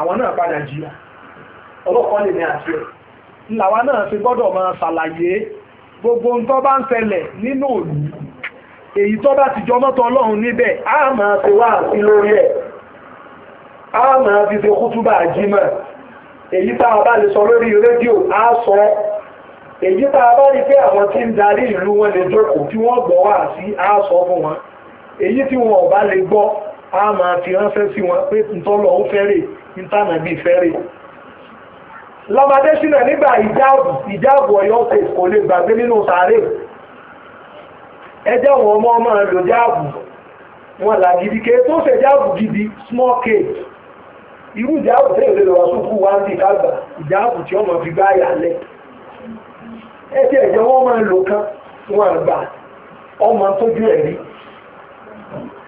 àwọn náà padà jìyà ọlọ́kọ́ lè ní àti ẹ̀ làwa náà fi gbọ́dọ̀ máa ṣàlàyé gbogbo ń tó bá ń ṣẹlẹ̀ nínú òlù èyí tó bá ti jọ mọ́tò ọlọ́run níbẹ̀ á máa fi wá sí lórí ẹ̀ á máa fi fi kútúbà jímọ̀ èyí tá a bá lè sọ lórí rédíò á sọ èyí tá a bá rí pé àwọn tí ń darí ìlú wọn lè jókòó tí wọ́n gbọ́ wá sí á sọ fún wọn èyí tí wọn ò bá lè gbọ́ á máa fi ránṣẹ́ sí wọn pé ntọ́lọ́ ń fẹ́rẹ̀ ìtànà bíi fẹ́rẹ̀ lọ́mọdé sínú nígbà ìjáàbù ìjáàbù ọ̀yọ́ kò kò lè gbàgbé nínú sàárè ẹjẹ́ wọn ọmọ ọmọ rẹ̀ lò jáàbù wọn là gidi ké tó fẹ́ jáàbù gidi small cage irú ìjáàbù tẹ́lẹ̀ lè lọ́wọ́ sókú wá ń di kágbà ìjáàbù tí ọmọ fi gbá yà lẹ̀ ẹjẹ́ ẹ̀jẹ̀ wọn máa lò kán wọn àgbà ọmọ tójú ẹ̀rí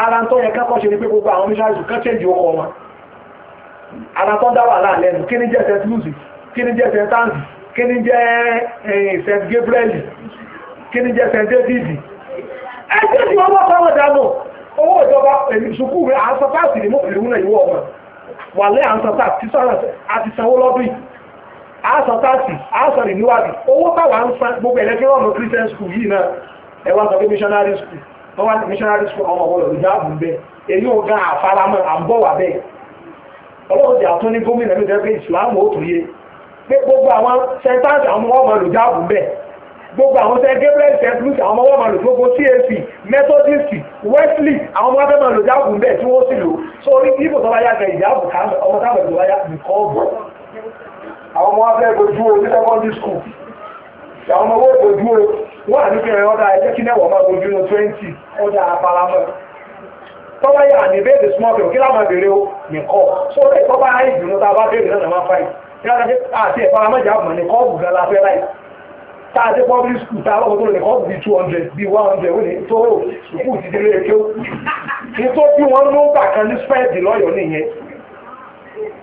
ara tó yẹ kákọ́ ṣe ní pé gbogbo àwọn missionaries kan change ọkọ̀ wọn ara tó kí st louis kí st kí eh, st gabriel kí st david ẹgbẹ́ tí wọ́n owó ìjọba à ń sọ fáàsì ní mọ́kìlì wúnà ìwọ ọmọ wà lẹ́ à ń sọ owó ń san gbogbo christian school yìí náà ẹ̀wọ̀n sọ wọ́n wá ní missionary school àwọn ọmọ ọ̀rọ̀ ìjáàbù ń bẹ èyí ò gan àfaramọ́ à ń bọ̀ wà bẹ́ẹ̀ ọlọ́run ti àtún ní gómìnà mi gẹ́gẹ́ ìsìláàmù ó tún yé pé gbogbo àwọn sentence àwọn ọmọ ọmọ ìjáàbù ń bẹ gbogbo àwọn sẹ Gabriel sẹpulus àwọn ọmọ ọmọ lòdì gbogbo CAC Methodist Wesley àwọn ọmọ abẹ́mọ̀ lòdì ààbò ń bẹ tí wọ́n sì lò sórí ibò tó bá yá gan ìjáàbù ọmọ táwọn ìjọba yá nìkan ọ̀bọ̀ àwọn ọmọ abẹ́ gbogbo ní secondary school àwọn ọmọ owó bojú o wọ́n àní kí ẹ̀rọ ọ̀dà ẹ̀jẹ̀ kí nẹ́wọ̀ máa bojú o twenty ọjà àparamọ́ tọ́wọ́ yà ní bẹ́ẹ̀ small bill kí láwọn béèrè o nìkọ́ so bẹ́ẹ̀ tọ́wọ́ ayé ìdùnnú tá a bá béèrè náà máa fáì àti ìparamọ́ ìjà àbùmọ̀ nìkọ́ ọ̀bùgá la fẹ́ láì tá a dé public school tá a lọ́kọ̀ tó lè nìkọ́ bí two hundred bí one hundred wọ́n ní tó sùkúù ti délé ẹ̀kẹ́ ní tó bí wọ́n ló ń gbà kan ní spẹ́ẹ̀dì lọ́yọ̀ọ́ nìyẹn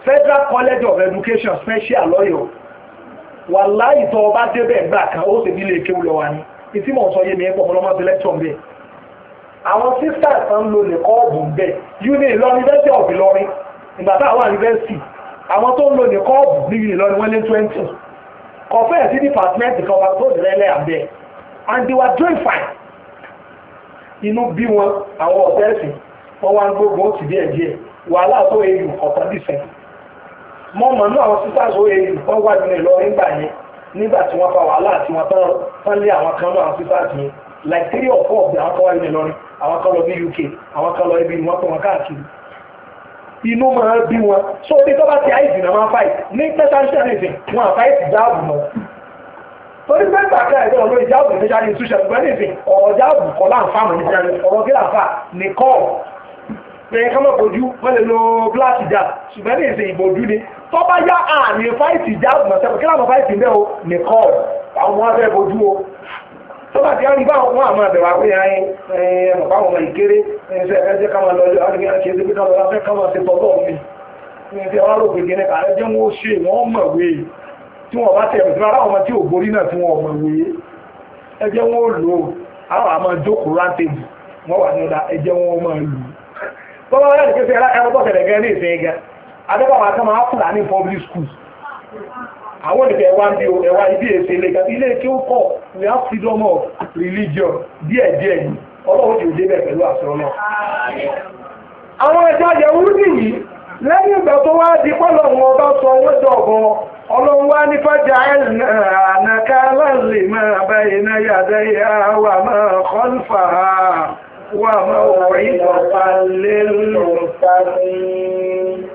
Federal College of Education special lọ́yọ̀ọ́ wà láì tọ́ ọba débẹ̀ gbà kan ó sì nílé kéwù lọ wà ní ìtí mọ̀ sọ yé mi pọ̀ ọlọ́mọ ti lẹ́tọ̀ bẹ́ẹ̀ àwọn sísá kan ló lè kọ́ ọ̀bùn bẹ́ẹ̀ uni Ìlọrin university of Ìlọrin ìgbà tá àwọn university àwọn tó ń lo lè kọ́ ọ̀bùn ní uni Ìlọrin wọ́n lé twenty kọfẹ́ sí department kan wà tó dẹ̀ lẹ́lẹ́ àbẹ́ and they were doing fine inú bí wọn àwọn ọ̀tẹ́ẹ̀sì wọn wá ń gbógun ó ti díẹ̀ díẹ̀ wàhálà tó ewu ọ̀tọ́ dìsẹ́yìn mọ mọ náà àwọn sisters ó yẹ e, wọn wá nínú ìlọ nígbà yẹn nígbà tí wọn fa wàhálà àti wọn tán tán lé àwọn kan náà àwọn sisters yẹn like three or four àwọn kan wá nínú ìlọrin àwọn kan lọ bí UK àwọn kan lọ ibi ni wọn pè wọn káàkiri inú máa bí wọn so orí tó bá ti àìsàn náà máa fight ní special anything wọn à fight jáàbù mọ torí pẹ́ńtà kan ẹ̀dọ́ lórí jáàbù ní special institution gbẹ́nìfín ọ̀rọ̀ jáàbù kọ́ láǹfààní ọ̀rọ̀ kí láǹfà ní kọ́ọ̀ lẹ́yìn ká mọ̀ bójú wọ́n lè lo gíláàsì jà ṣùgbọ́n ní ìsìn ìbòjú ni tó bá yá àmì fáìtì jà mọ̀sẹ́fọ̀ kí láwọn fáìtì ń bẹ́ o nìkọ́ àwọn wọn fẹ́ bójú o tó bá ti á rí bá wọn àmọ́ àbẹ̀wà pé ẹ mọ̀ báwọn ọmọ ìkéré ẹ̀ẹ́dẹ́ ká máa lọ ọjọ́ àdúgbò àti ẹ̀ẹ́dẹ́ ká máa fẹ́ ká máa ṣe tọ́lọ́ mi ní ẹ̀ẹ́dẹ́ wọn rògbè gẹ́gẹ́ ààrẹ jẹ́ wọn ó ṣe wọn mọ̀wé tí wọn bá tẹ̀ ẹ̀mí ara tí ò borí náà tí wọn mọ̀wé ẹ̀ẹ́dẹ́ wọn ó lò àwọn àmọ́ jókòó rántẹ́bù wọn wà ní ọ̀dà ẹ̀ẹ́dẹ́ wọn ó máa lò tọ́wọ́ ọ̀rẹ́ nìkan sí ẹran tó ṣẹlẹ̀ gan ní ìsìn gan adébáwọ̀ àti public schools ibi èsì ilé kan ilé tí ó kọ̀ we have freedom of religion díẹ̀ díẹ̀ yìí ọlọ́run ti òde bẹ̀ pẹ̀lú àṣọ náà. àwọn ẹja lẹ́yìn ìgbà tó wá di ọba sọ ọlọ́run wá ní láǹlì máa yàdá وموعظة للمتقين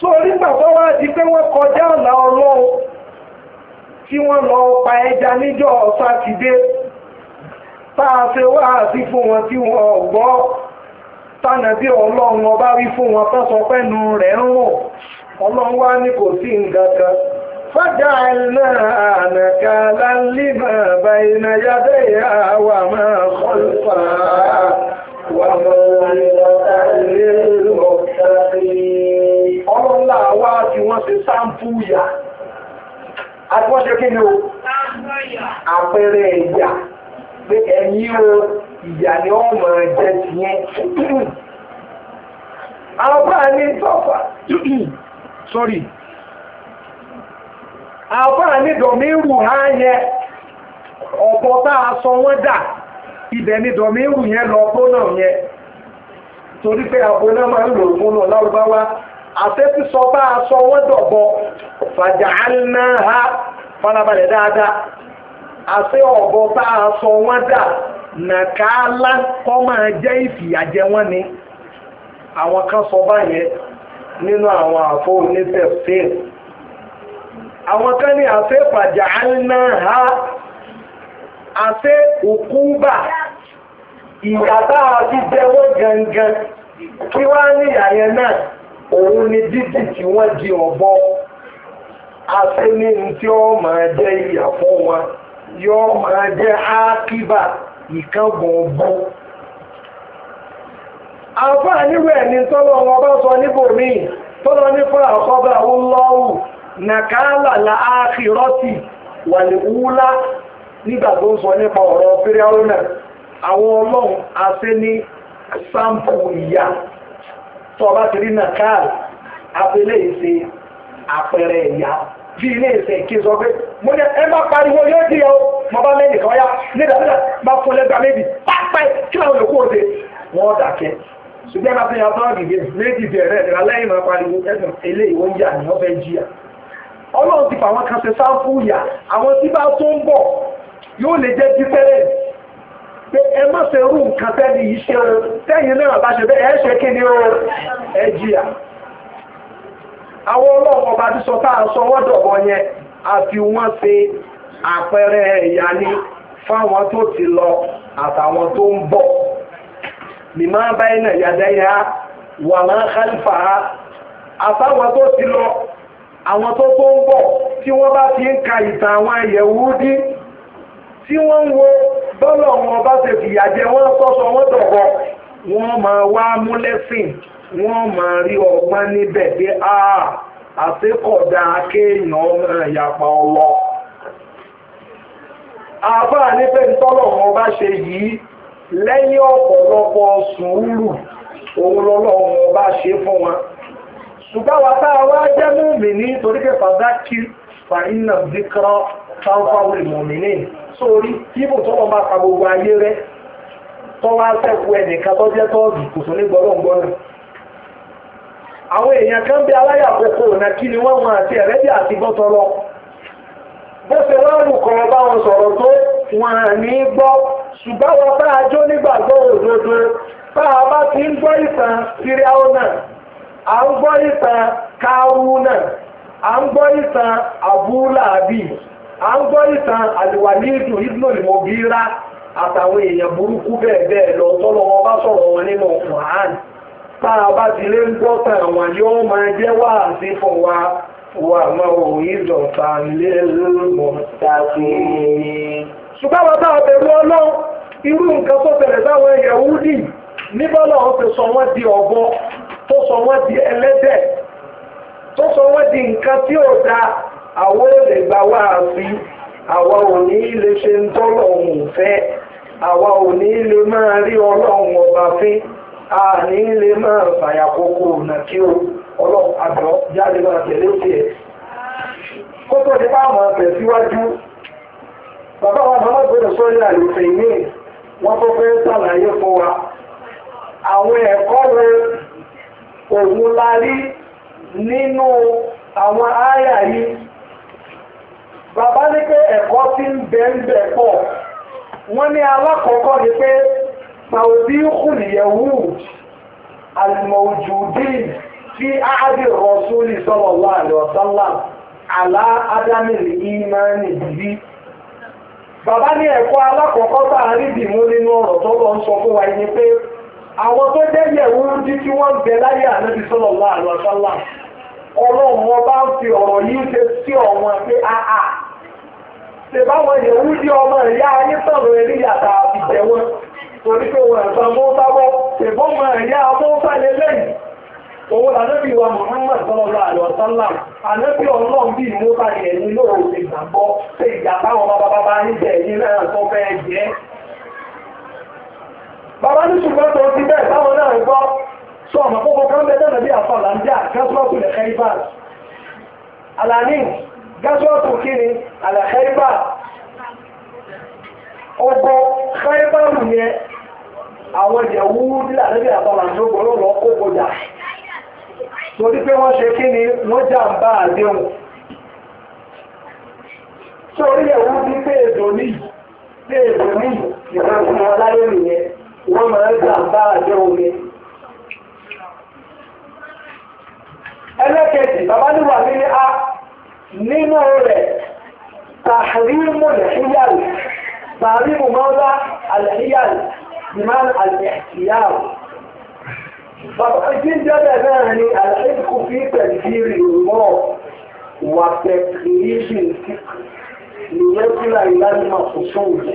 so nígbà tó wá di pé wọ́n kọjá ọ̀nà ọlọ́run tí wọ́n lọ pa ẹja níjọ́ sátidé tá ṣe wá àti fún wọn tí wọ́n gbọ́ tánàbí ọlọ́run ọba wí fún wọn pẹ́nu rẹ̀ ń rùn ọlọ́run wá ní kò فجعلناها نكالا لما بين يديها وما خلفها وموعظة للمتقين ọlọ́run láàwá tí wọ́n ṣe sáǹpù yà àti wọ́n ṣe kí ni o àpẹẹrẹ ìyà pé ẹ̀yìn o ìyà ni wọ́n mọ̀ jẹ́ tiyẹn àwọn bá ní tọ́fà sorry àfáà ní dọ̀míìrù ha yẹ ọ̀pọ̀ tá a sọ wọ́n dà ibẹ̀ ní dọ̀míìrù yẹn lọ gbóná yẹn torí pé àgbóná máa ń lò gbóná lárúbáwá àtẹ́tí sọ bá a sọ wọ́n fàjà áná ha farabalẹ̀ dáadáa àti a sọ wọ́n dà nàkàlá kọ́ máa jẹ́ ìfìyàjẹ ni àwọn kan sọ báyẹn nínú àwọn àwọn kan ní àṣẹ ha àṣẹ òkúbà ìyàtà àti gangan kí wá ní ìyàyẹ náà òun ni dídì tí wọ́n di ọ̀bọ àṣẹ ní tí ó máa jẹ́ ìyà fún wọn yóò máa jẹ́ ákíbà ìkángbọ̀ngbọ̀n àfáà níwẹ̀ ní tọ́lọ́ wọn bá sọ níbòmíì tọ́lọ́ ní àkọ́bà ó lọ́wọ́ nàkàlà làákìrọ́tì wàlúùlá nígbà tó ń sọ nípa ọ̀rọ̀ fíríàwó náà àwọn ọlọ́run àṣẹ ní sáǹpù ìyá tó ọba ti rí nàkàlà abẹ́lẹ̀ ìṣe àpẹẹrẹ ìyá bí ilé ìṣe kí n sọ pé mo ní ẹ má pariwo yóò di ẹ o mo bá lẹ́yìn kan ya nígbà nígbà bá fún lẹ́gbà méjì pápá ẹ kí làwọn yòókù méjì bẹ̀rẹ̀ ẹ̀rẹ̀ lẹ́yìn pariwo ẹ̀sìn ilé ìwọ yà ní wọ́n fẹ́ ọlọ́run ti fà wọn kan ṣe sáfù ìyà àwọn tí bá tó ń bọ̀ yóò lè jẹ́ dífẹ́rẹ́ pé ẹ má ṣe rú nǹkan tẹ́lẹ̀ yìí ṣe o tẹ́yìn náà bá ṣe bẹ́ẹ̀ ẹ ṣe kí ni o ẹ jìyà àwọn ọlọ́run ọba ti sọ tá a sọ wọ́n dọ̀bọ yẹn àfi wọ́n ṣe àpẹẹrẹ ìyà ni fáwọn tó ti lọ àtàwọn tó ń bọ̀ mìmá báyìí náà yàdá wà máa kálífà á àtàwọn tó ti lọ àwọn tó tó ń bọ̀ tí wọ́n bá ti ń ka ìtàn àwọn Yẹhudi tí wọ́n ń wo bọ́lọ̀ wọn bá ṣe fìyà jẹ wọ́n tọ́sọ wọ́n dọ̀bọ̀ wọ́n máa wá mú lẹ́sìn wọ́n máa rí ọgbọ́n níbẹ̀ pé a àṣekọ̀dá kéèyàn ìyàpá ọlọ. àbá níbẹ̀ tọ́lọ̀ wọn bá ṣe yìí lẹ́yìn ọ̀pọ̀lọpọ̀ sùúrù òun lọ́lọ́ wọn bá ṣe fún wọn. ṣùgbọ́n wa wá jẹ́ ní torí pé fàdákì fàínà zikra fáfáwò ìmọ̀mí wọn bá gbogbo ayé rẹ tó wá sẹ́kù ẹnìkan tó jẹ́ tọ́ọ̀gì kò sọ ní gbọ́dọ̀gbọ́dọ̀ àwọn èèyàn kan bí kí ni wọ́n àti àti bó ṣe wá bá sọ̀rọ̀ tó wọn ní gbọ́ a jó nígbàgbọ́ a ti ń gbọ́ ìtàn a ń gbọ́ ìtàn kárúnà à ń gbọ́ gbọ́ àtàwọn èèyàn burúkú bẹ́ẹ̀ bẹ́ẹ̀ lọ tọ́lọ wọn bá nínú Quran tá a bá ti lé ń gbọ́ tàn yóò máa jẹ́ fún wa wà máa wò ní ìjọba ilé mọ̀tàkì. ṣùgbọ́n wọn bá bẹ̀rù ọlọ́run irú nǹkan tó bẹ̀rẹ̀ báwọn Yahudi níbọ́lọ́ ọ̀sẹ̀ sọ wọ́n di tó sọ wọ́n di ẹlẹ́dẹ̀ tó sọ wọ́n di nǹkan tí ò da àwọn ò lè gbà wá àfi àwa ò ní lè ṣe ń tọ́lọ̀ òun fẹ́ àwa ò ní lè máa rí ọlọ́run ọba fín a ní lè máa fàyà kókó ọ̀nà kí o ọlọ́run àbọ̀ jáde máa tẹ̀lé tiẹ̀. kótó ní báwọn ọ̀bẹ̀ síwájú bàbá wa bàbá gbọ́dọ̀ sọ́rí àlùfẹ́ ìmí wọ́n tó fẹ́ sàlàyé fún wa àwọn ẹ̀kọ́ rẹ̀ òun la rí nínú àwọn ááyà yìí bàbá ní pé ẹ̀kọ́ tí ń bẹ ń bẹ pọ̀ wọ́n ní alákọ̀ọ́kọ́ ni pé saudi kùnìyẹ̀wù alimọ̀jùdín tí áádì rọ̀súlì sallallahu alaihi wasallam àlá ádámìlì ìmánì bíbí bàbá ní ẹ̀kọ́ alákọ̀ọ́kọ́ tá bìmú nínú ọ̀rọ̀ tó lọ ń sọ fún wa yìí pé àwọn tó jẹ́ yẹ̀wò ní kí wọ́n bẹ láyé ànábi sọ́lọ̀ wà lọ́sọ́lá ọlọ́run wọn bá ń fi ọ̀rọ̀ yìí ṣe sí ọ̀wọ́n pé áà ṣe báwọn yẹ̀wò ní ọmọ ìyá ayé sọ̀rọ̀ eré yàtà àbìjẹ́ wọn torí pé wọn ẹ̀sọ́ mọ́tà bọ́ ṣèbọ́n mọ ìyá mọ́tà lélẹ́yìn owó ànábì wa Muhammad sọ́lọ́lá àlọ́sọ́lá ànábì ọlọ́run bí ìmúta yẹ̀yìn lóòrùn ìgbàgbọ́ ṣe ìjà táwọn bàbá bàbá ń jẹ̀yìn náà tó fẹ́ jẹ́ bàbá ní ṣùgbọ́n tó ti bẹ́ẹ̀ táwọn náà ń gbọ́ sọ ọmọ kókó kan bẹ tẹ́lẹ̀ bí àfọ àlàndíà gásíwọ́sù lè kẹ́ríbà àlàní gásíwọ́sù ni àlàkẹ́ríbà ọgbọ́ kẹ́ríbà rù yẹn àwọn ìyàwó nílà lẹ́bí àfọ àlàndíà gbọ́dọ̀ lọ kó gbọdà torí pé wọ́n ṣe kíni wọ́n jàǹbá àdéhùn láyé nìyẹn wọ́n máa ń jàǹbá àjẹ́ omi. ẹlẹ́kẹ̀ẹ́jì bàbá níwà nílé a nínú rẹ̀ tàhírímù nàìjíríàlì tàhírímù mọ́lá àlẹ́yàlì ìmáà àlẹ́yàlì bàbá jíjẹ́ bẹ́ẹ̀ náà ni àlẹ́kù fi tẹ̀síìrì mọ́ wà tẹ̀síìrì nìyẹn sílá ìlànà òṣòwò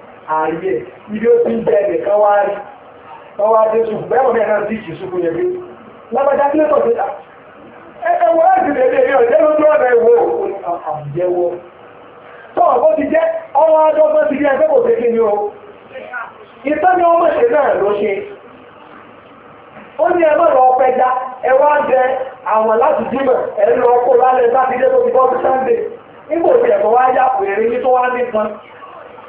ààyè ilé ó ti ń jẹ́ ẹ̀mẹ̀ kan wá rí sùn bẹ́ẹ̀ mẹ́rin náà díjì sùn fún tọ̀ sí lè lè ọ̀jẹ́ ọ̀nà ìwò àjẹwọ́ tó ti jẹ́ ọwọ́ adọ́gbọ́n ti ẹgbẹ́ kò ni o náà lọ jẹ àwọn láti jímọ̀ lálẹ́ tó ti bọ́ ẹ̀kọ́ wá yá pèrè ní tó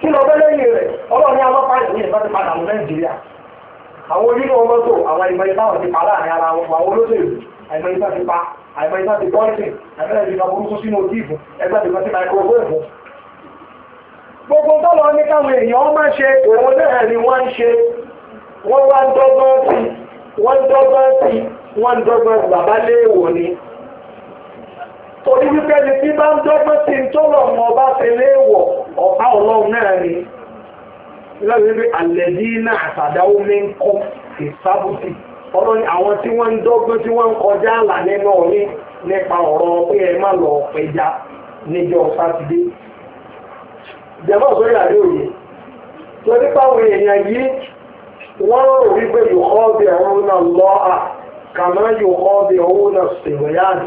kí lọ bẹ́ lẹ́yìn rẹ̀ ọlọ́run ní alọ́pàá ìwé ìbá ti padà lọ nàìjíríà àwọn onílé ọmọ tó àwọn ti pa láàrin ara wọn àwọn olóṣèlú ti pa ti burúkú sínú ojú ìbò ẹgbẹ́ ti gbogbo tọ́lọ ní káwọn èèyàn máa ṣe òun náà ni wọ́n ń ṣe wọ́n wá ń dọ́gbọ́n sí wọ́n ń dọ́gbọ́n sí wọ́n ń dọ́gbọ́n ọ̀pá ọlọ́run náà ni lọ́wọ́ pé àlẹ́dí náà àtàdáwó mi ń kọ́ sí sábùsì ọlọ́run àwọn tí wọ́n ń dọ́gbọ́n tí wọ́n ń kọjá àlà nínú ọ̀rí nípa ọ̀rọ̀ pé ẹ má lọ pẹja níjọ́ sátidé jẹ́mọ́ sórí àdé òye torí páwọn èèyàn yìí wọ́n rò wípé yòókọ́ bí ọ̀run náà lọ́à kàmá yòókọ́ bí ọ̀run náà sèwéyàdì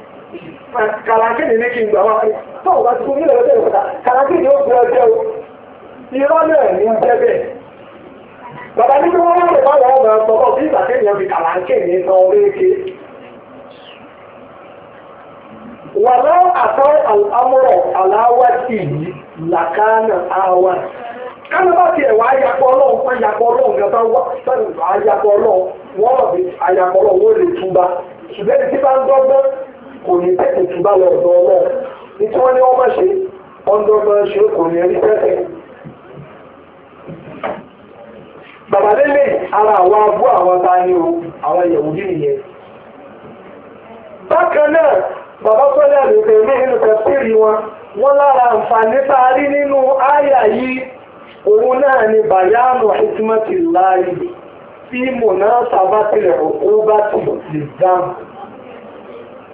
kàràkì ní kí n gbà wá tó o bá ti kàràkì ni ó gbé ọjọ́ o irọ́ náà ní ń bẹ́ẹ̀. bàbá ní kí wọ́n lè bá wọn ọmọ ẹ̀sọ́ bọ́ bí ìgbà téèyàn fi kàràkì ní sọ oréke. wà láwọn àtọ́ àmúrọ̀ sí yìí kánú bá tiẹ̀ kò ní tẹ́tẹ̀ tù bá lọ́dọ̀ ọmọ ní tí wọ́n ní ṣe ọ̀dọ́gbọ́n ṣe kò ní ẹni tẹ́tẹ̀. bàbá ara àwọn abú àwọn ta ní o àwọn yẹ̀wùdí nìyẹn. bákan náà bàbá sọ́lá ní inú kẹfìrì wọn wọ́n lára àǹfààní nínú àyà yìí òun náà ni fi mọ̀nà òkú bá ti lè dáhùn.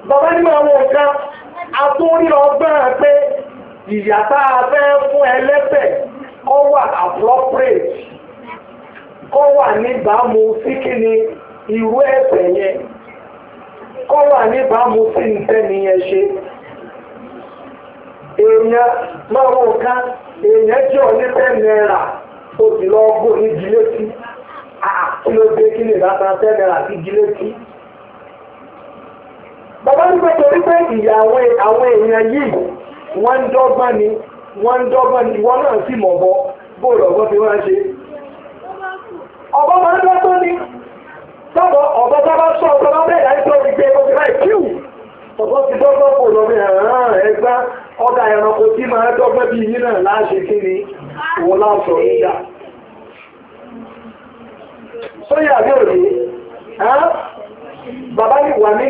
bàbá ní máa wọ nǹkan àtúnríra ọgbọ́n pé ìyà tá a fẹ́ fún ẹlẹ́ṣẹ̀ kọ́ wà appropriate kọ́ wà níbàámu sí kíni irú ẹ̀ṣẹ̀ yẹn kọ́ wà níbàámu sí nìtẹ́niyẹn ṣe èèyàn máa wọ nǹkan èèyàn jẹ́ onífẹ́ náírà ó sì lọ́ọ́ gbò ní jílétí àkílódé kí lè bá ta tẹ́ náírà sí jílétí. bàbá ní pé torí pé ìyá àwọn èèyàn yìí wọ́n ń dọ́gbọ́n ni wọ́n ń dọ́gbọ́n ni ìwọ náà sì mọ̀ bọ́ bóòlù ọgbọ́n ti wá ṣe. ọ̀bọ máa ń dọ́gbọ́n ni sọ́bọ̀ ọ̀bọ tó bá sọ ọ̀bọ bá láì tó ti gbé ọ̀bọ láì kíw ọ̀bọ ti dọ́gbọ́n kò lọ bí hàn ẹgbá ọ̀gá ẹranko tí máa dọ́gbọ́n ni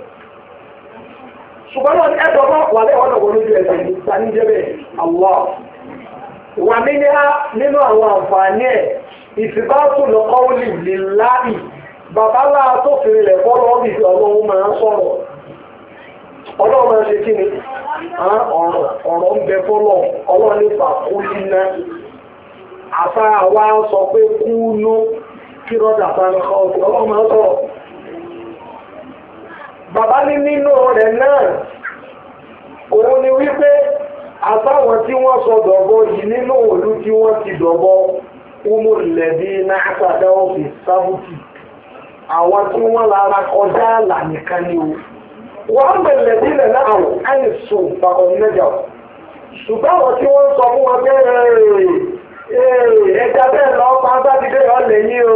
ṣùgbọ́n náà ẹ̀dọ̀ wà lẹ́wọ̀n náà wọlé ojú ẹ̀sìn ní sani jẹ́bẹ̀ àwọ̀ wà ní á nínú àwọn àǹfààní ẹ̀ ìsìbáàtù lọ́kọ́ wọlé líláì bàbá tó fi rẹ̀ fọ́lọ́ ọ́fíìsì ọlọ́run máa ń sọ̀rọ̀ ọlọ́run máa ń ṣe kí sọ pé kí rọ́dà bá ń kọ́ bàbá ní nínú rẹ̀ náà òun ni wípé àtàwọn tí wọ́n sọ dọ̀bọ yìí nínú òlu tí wọ́n ti dọ̀bọ umu lẹ̀bi náà àtàdá ọ̀fìn sábùtì àwọn tí wọ́n lára kọjá àlà nìkan ni o wọ́n bẹ̀rẹ̀ lẹ́dílẹ̀ na àìsùn pàkọ̀ mẹ́jọ ṣùgbọ́n àwọn tí wọ́n sọ fún wọn pé ẹja bẹ́ẹ̀ lọ́pàá bá ti dé yọ́ lẹ́yìn o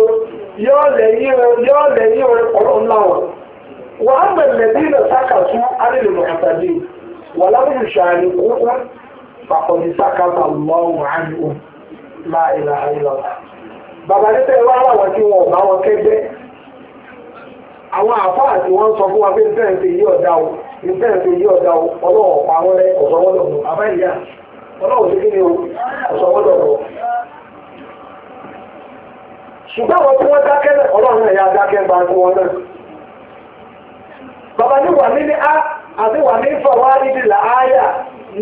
yọ́ lẹ́yìn o yọ́ lẹ́yìn o ọ̀rọ̀ ńlá wọn. وأما الذين سكتوا عن المعتدين ولم يشاركوهم فقد سكت الله عنهم لا إله إلا الله bàbá ní ịla wá láwọn tí wọn ò bá wọn sọ fún wa pé yí ọ̀dà o yí ọ̀dà o pa rẹ ọ̀sọ̀wọ́dọ̀ àbá ìyá o ọ̀sọ̀wọ́dọ̀ ṣùgbọ́n àwọn tí wọ́n bàbá ní wà nílé a àti wà ní fọwárìdì là áyà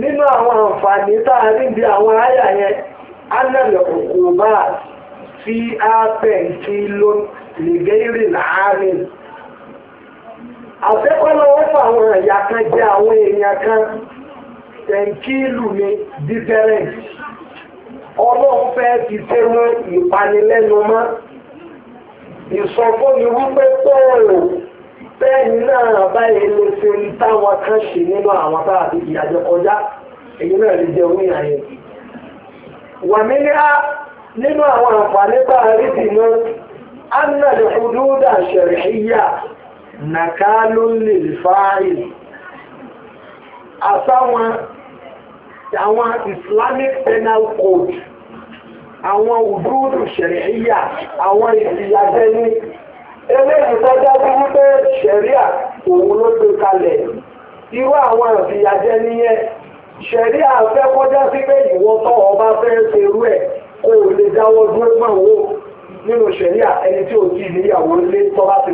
nínú àwọn àǹfààní tá a rí bí àwọn áyà yẹn ánàlẹ̀ òkú bá fi ápẹ̀ tí ló lè gẹ́rì láàárín àfẹ́kọ́lọ́wọ́ fún àwọn ẹ̀yà kan jẹ́ àwọn èèyàn kan tẹ̀ǹkìlù ni different ọlọ́run fẹ́ fi tẹ́nu ìpanilẹ́nu mọ́ ìsọfúnni wípé tó o bẹ́ẹ̀ni náà báyìí ló fi ń táwọn kan ṣe nínú àwọn táàbí ìyàjọ kọjá èyí náà lè jẹ ní á nínú àwọn àǹfààní bá a rí sí mọ́ anna lè hudúdà ló lè fáàyè. àsáwọn àwọn Islamic penal code àwọn hudúdù ṣẹ̀rìíyà àwọn ìfìyàjẹni. eléyìí tó dájú wípé ṣẹ̀ríà òun ló gbé kalẹ̀ irú àwọn ìfìyàjẹ nìyẹn ṣẹ̀ríà fẹ́ kọjá sí pé ìwọ tọ́ ọba fẹ́ ṣerú ẹ̀ o lè dáwọ́ dúró gbọ̀n nínú ṣẹ̀ríà ẹni tí ò tí níyàwó lé tọ́ba ti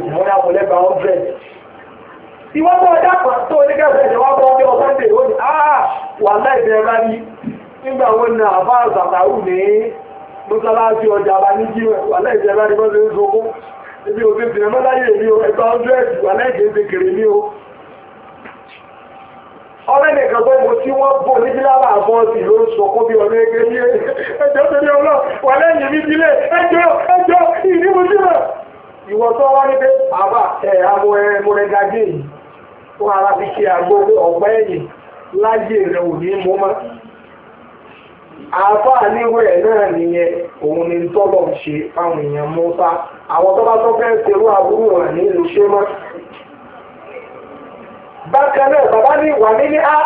tó ọjà kan tó oníkẹ́fẹ́ ọjọ́ sunday wà láìpẹ́ bá rí nígbà wo ni àbá àzàtàrù ní mọ́sálásí ọjà bá ní wà láìpẹ́ ibi òde ti ẹ̀mọ́ láyé mi o ẹgbẹ́ ọ́ndẹ́ẹ̀dì wà lẹ́gbẹ̀ẹ́ ti kèrè mi o. ọ̀rẹ́ nìkan tó mo tí wọ́n bò ní bíláwà àbọ̀ọ̀sì ló ń sọ kó bí ọ̀rẹ́ ẹgbẹ́ ní ẹjọ́ tó ní ọlọ́ wà lẹ́yìn mi sílẹ̀ ẹjọ́ ẹjọ́ ìdí mo sílẹ̀. ìwọ tó wá ní pé àbá ẹ àbọ̀ ẹ mo rẹ gàdé yìí fún ara fi ṣe àgbo ọgbẹ́ ẹ̀yìn láyé rẹ ò ní mú mọ́. àbá níwẹ̀ náà nìyẹn òun ni tọ́lọ̀ ń ṣe èèyàn àwọn tó fẹ́ àbúrò mọ́. bákan náà bàbá ní wà ní ní á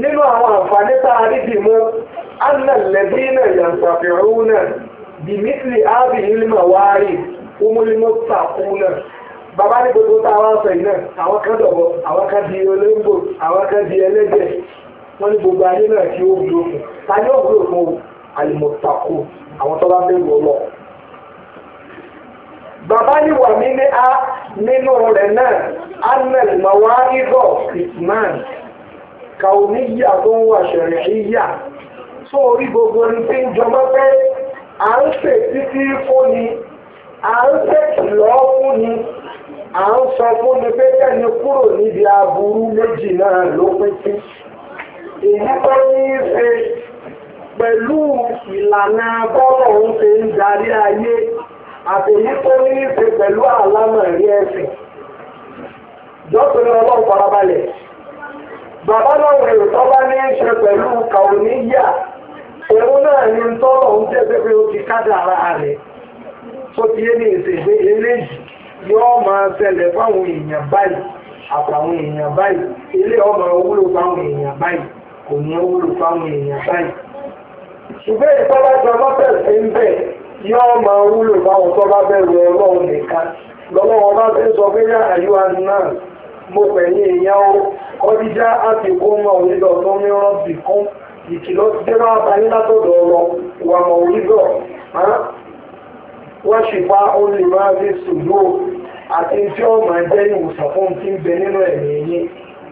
nínú àwọn àǹfààní tá a rí dìmú anna lẹ́bí náà yàǹtàfẹ̀rú náà umulimu tàkú náà bàbá ní gbogbo tá a wá sọ yìí náà àwọn kan dọ̀bọ̀ àwọn kan di di ẹlẹ́gbẹ̀ẹ́ wọ́n ní gbogbo ayé náà tí ó wúlò fún ta ni ó wúlò fún àlùmọ̀tàkù àwọn tó bá bẹ̀rù ọlọ. bàbá ní wà mí ní a nínú rẹ̀ náà anel mawarigo kitman kauniya tó ń wà ṣẹ̀rẹ̀ṣíyà tó orí gbogbo ní tí ń jọmọ́ pé à ń ṣe títí fúnni à ń ṣèkìlọ̀ fúnni à ń sọ fúnni pé kẹ́ni kúrò níbi aburú méjì náà ló pín sí. ìmúkọ́ ní í pẹ̀lú ìlànà bọ́lọ̀ ń ṣe ń darí ayé àtèyí tó ní í pẹ̀lú àlámọ̀ rí ẹ̀sìn. jọ́sìn ọlọ́run farabalẹ̀ bàbá náà rẹ̀ tó bá ní ṣe pẹ̀lú kàóníyà òun náà tọ́lọ̀ ń pé ó ti kádà ara rẹ̀ tó ti yé ní ìṣègbè eléyìí máa kò ní ó wúlò fáwọn èèyàn báyìí. ṣùgbọ́n ìtọ́lá jọmọ́ tẹ̀sí ń bẹ̀ yóò máa wúlò fáwọn tó bá bẹ̀rù ọlọ́run nìkan lọ́lọ́wọ́ bá fẹ́ sọ pé yá àyíwá náà mo pẹ̀lú èèyàn ó kọjíjá àsìkò mọ̀ onídọ̀ tó ní rántí kún ìkìlọ̀ ti dé bá yín látọ̀dọ̀ ọ̀rọ̀ wà mọ̀ onídọ̀ wọ́n sì pa olè máa fi sùgbó àti tí ó máa jẹ́ ìwòsàn fún ti ń bẹ nínú ẹ̀mí yín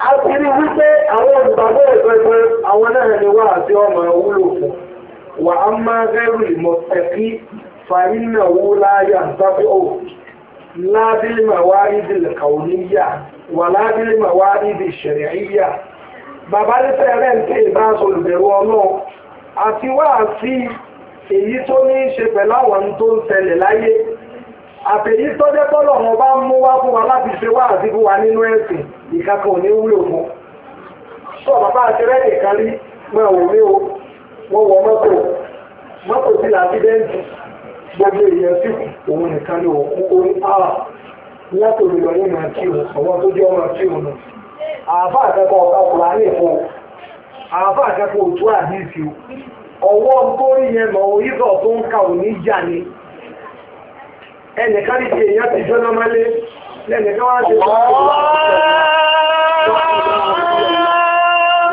a ti rí wípé àwọn olùgbàgbọ́ ìgbẹ̀gbẹ̀ àwọn náà ni wà àti ọmọ wúlò fún wà á máa rẹ́rù ìmọ̀tẹ̀kí fàínà wó láyà zábí ò lábí màwá ìdí kàwùníyà wà lábí màwá ìdí ṣẹ̀rẹ̀íyà bàbá ní fẹ́rẹ̀ ń tẹ́ ìbá olùbẹ̀rù ọlọ́run ìkàkọ̀ ní wúlò fún sọ bàbá àtẹ́rẹ́ nìkan rí máa wò mí o wọ́n wọ mọ́tò mọ́tò sí làásídẹ́ǹtì gbogbo èèyàn sí òun nìkan ní òkú orí ara látò lè lọ nínú àti òun àwọn tó jẹ́ ọmọ àti òun àáfà àtẹ́kọ̀ ọ̀ká kùrà ní ìfún àáfà àtẹ́kọ̀ òtú àdíìsì ọwọ́ górí yẹn mọ̀ oríkọ̀ tó ń ka òní jà ni ẹnìkan ní ti èèyàn ti jóná mọ́lé lẹ́nìkan wá ti sọ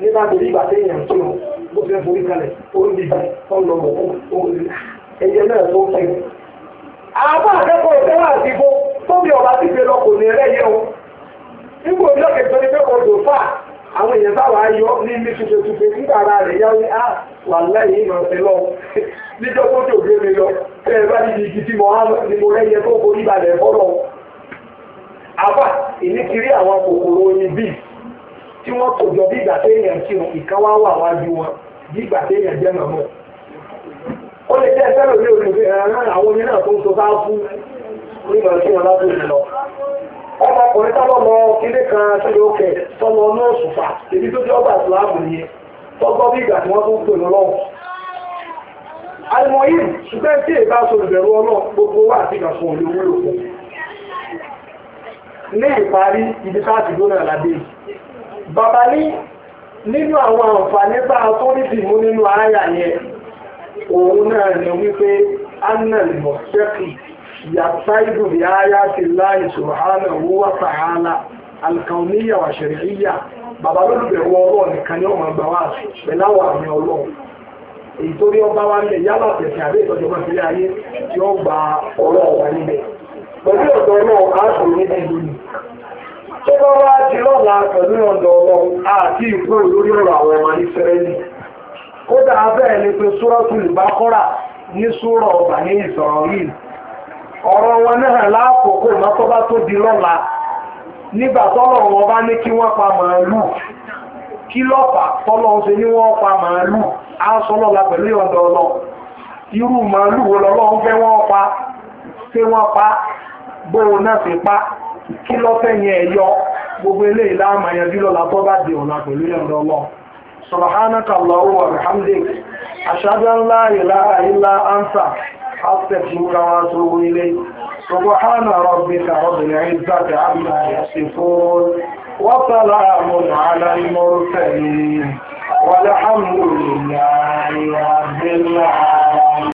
nígbà tó nígbà tí èèyàn tó ló fẹ́ forí kalẹ̀ ó ń dìbò ó ń lọ bọ̀ ó ń lè ẹ̀jẹ̀ náà tó kí. àwọn akẹ́kọ̀ọ́ ìfẹ́wà àdìgbò tó bí ọba ti gbé lọ kò ní ẹlẹ́yẹ o nígbà ojú ọ̀kẹ́ tó ní pé kò dò fà àwọn èèyàn bá wàá yọ ní ilé tuntun tuntun nígbà ara rẹ̀ yá wí á ah, wà lẹ́yìn ìmọ̀ ọ̀sẹ̀ lọ níjọ́ tó tó gbé mi lọ tẹ́ ẹ bá níbi igi tí mo á ni mo rẹ́yẹ tó forí balẹ̀ fọ́lọ́ àbá ìníkiri àwọn kòkòrò oyin bíi tí wọ́n kò jọ bí ìgbà téèyàn wà wájú wọn bí ìgbà téèyàn jẹ́ mọ̀mọ́ ó lè jẹ́ ní olùgbé àwọn oní tó ń so bá fún nígbà tí wọ́n lábẹ́ òní lọ ọmọkùnrin tábọ̀ ilé kan sílẹ̀ òkè tọmọ èyí tó jẹ́ ọgbà tọgbọ́ bí ìgbà tí wọ́n tó ń pè lọ́wọ́ ṣùgbọ́n tí bàbá ní nínú àwọn àǹfààní bá a tó rí dìmú nínú ààyà yẹn òun náà ni wípé annal mọ̀sẹ́kì yàtàìdù bí ààyà ti láì ṣùgbọ́n owó wà tààlà alkauniya wà ṣẹ̀ríyà bàbá lólùbẹ̀ wọ ọlọ́ nìkan ni ọmọ ọgbà wà pẹ̀láwọ̀ tó bá wá di lọ́la pẹ̀lú ọ̀dọ̀ ọlọ́run àti ìgbó lórí ọ̀rọ̀ àwọn ọmọ ìsírẹ́lì dáa bẹ́ẹ̀ ni pé súrọ́tù ìbákọ́rà ní súrọ̀ ọ̀bà ní ìsọ̀rọ̀ yìí ọ̀rọ̀ wọn náà mọ́tọ́ bá tó di lọ́la nígbà tọ́lọ̀ wọn bá ní kí wọ́n pa màálù kí lọ́pàá tọ́lọ̀ ń ṣe ní wọ́n pa màálù á sọ lọ́la pẹ̀lú ọ̀dọ̀ ọlọ́ irú màálù wo lọ́lọ́ fẹ́ kí fẹ́ yẹn ẹ̀yọ gbogbo eléyìí láàmà yẹn bí lọ́la tó bá di ọ̀nà pẹ̀lú ẹ̀rọ lọ subhanaka allahumma wa bihamdik ashhadu an la ilaha illa anta astaghfiruka wa atubu ilayk subhana rabbika rabbil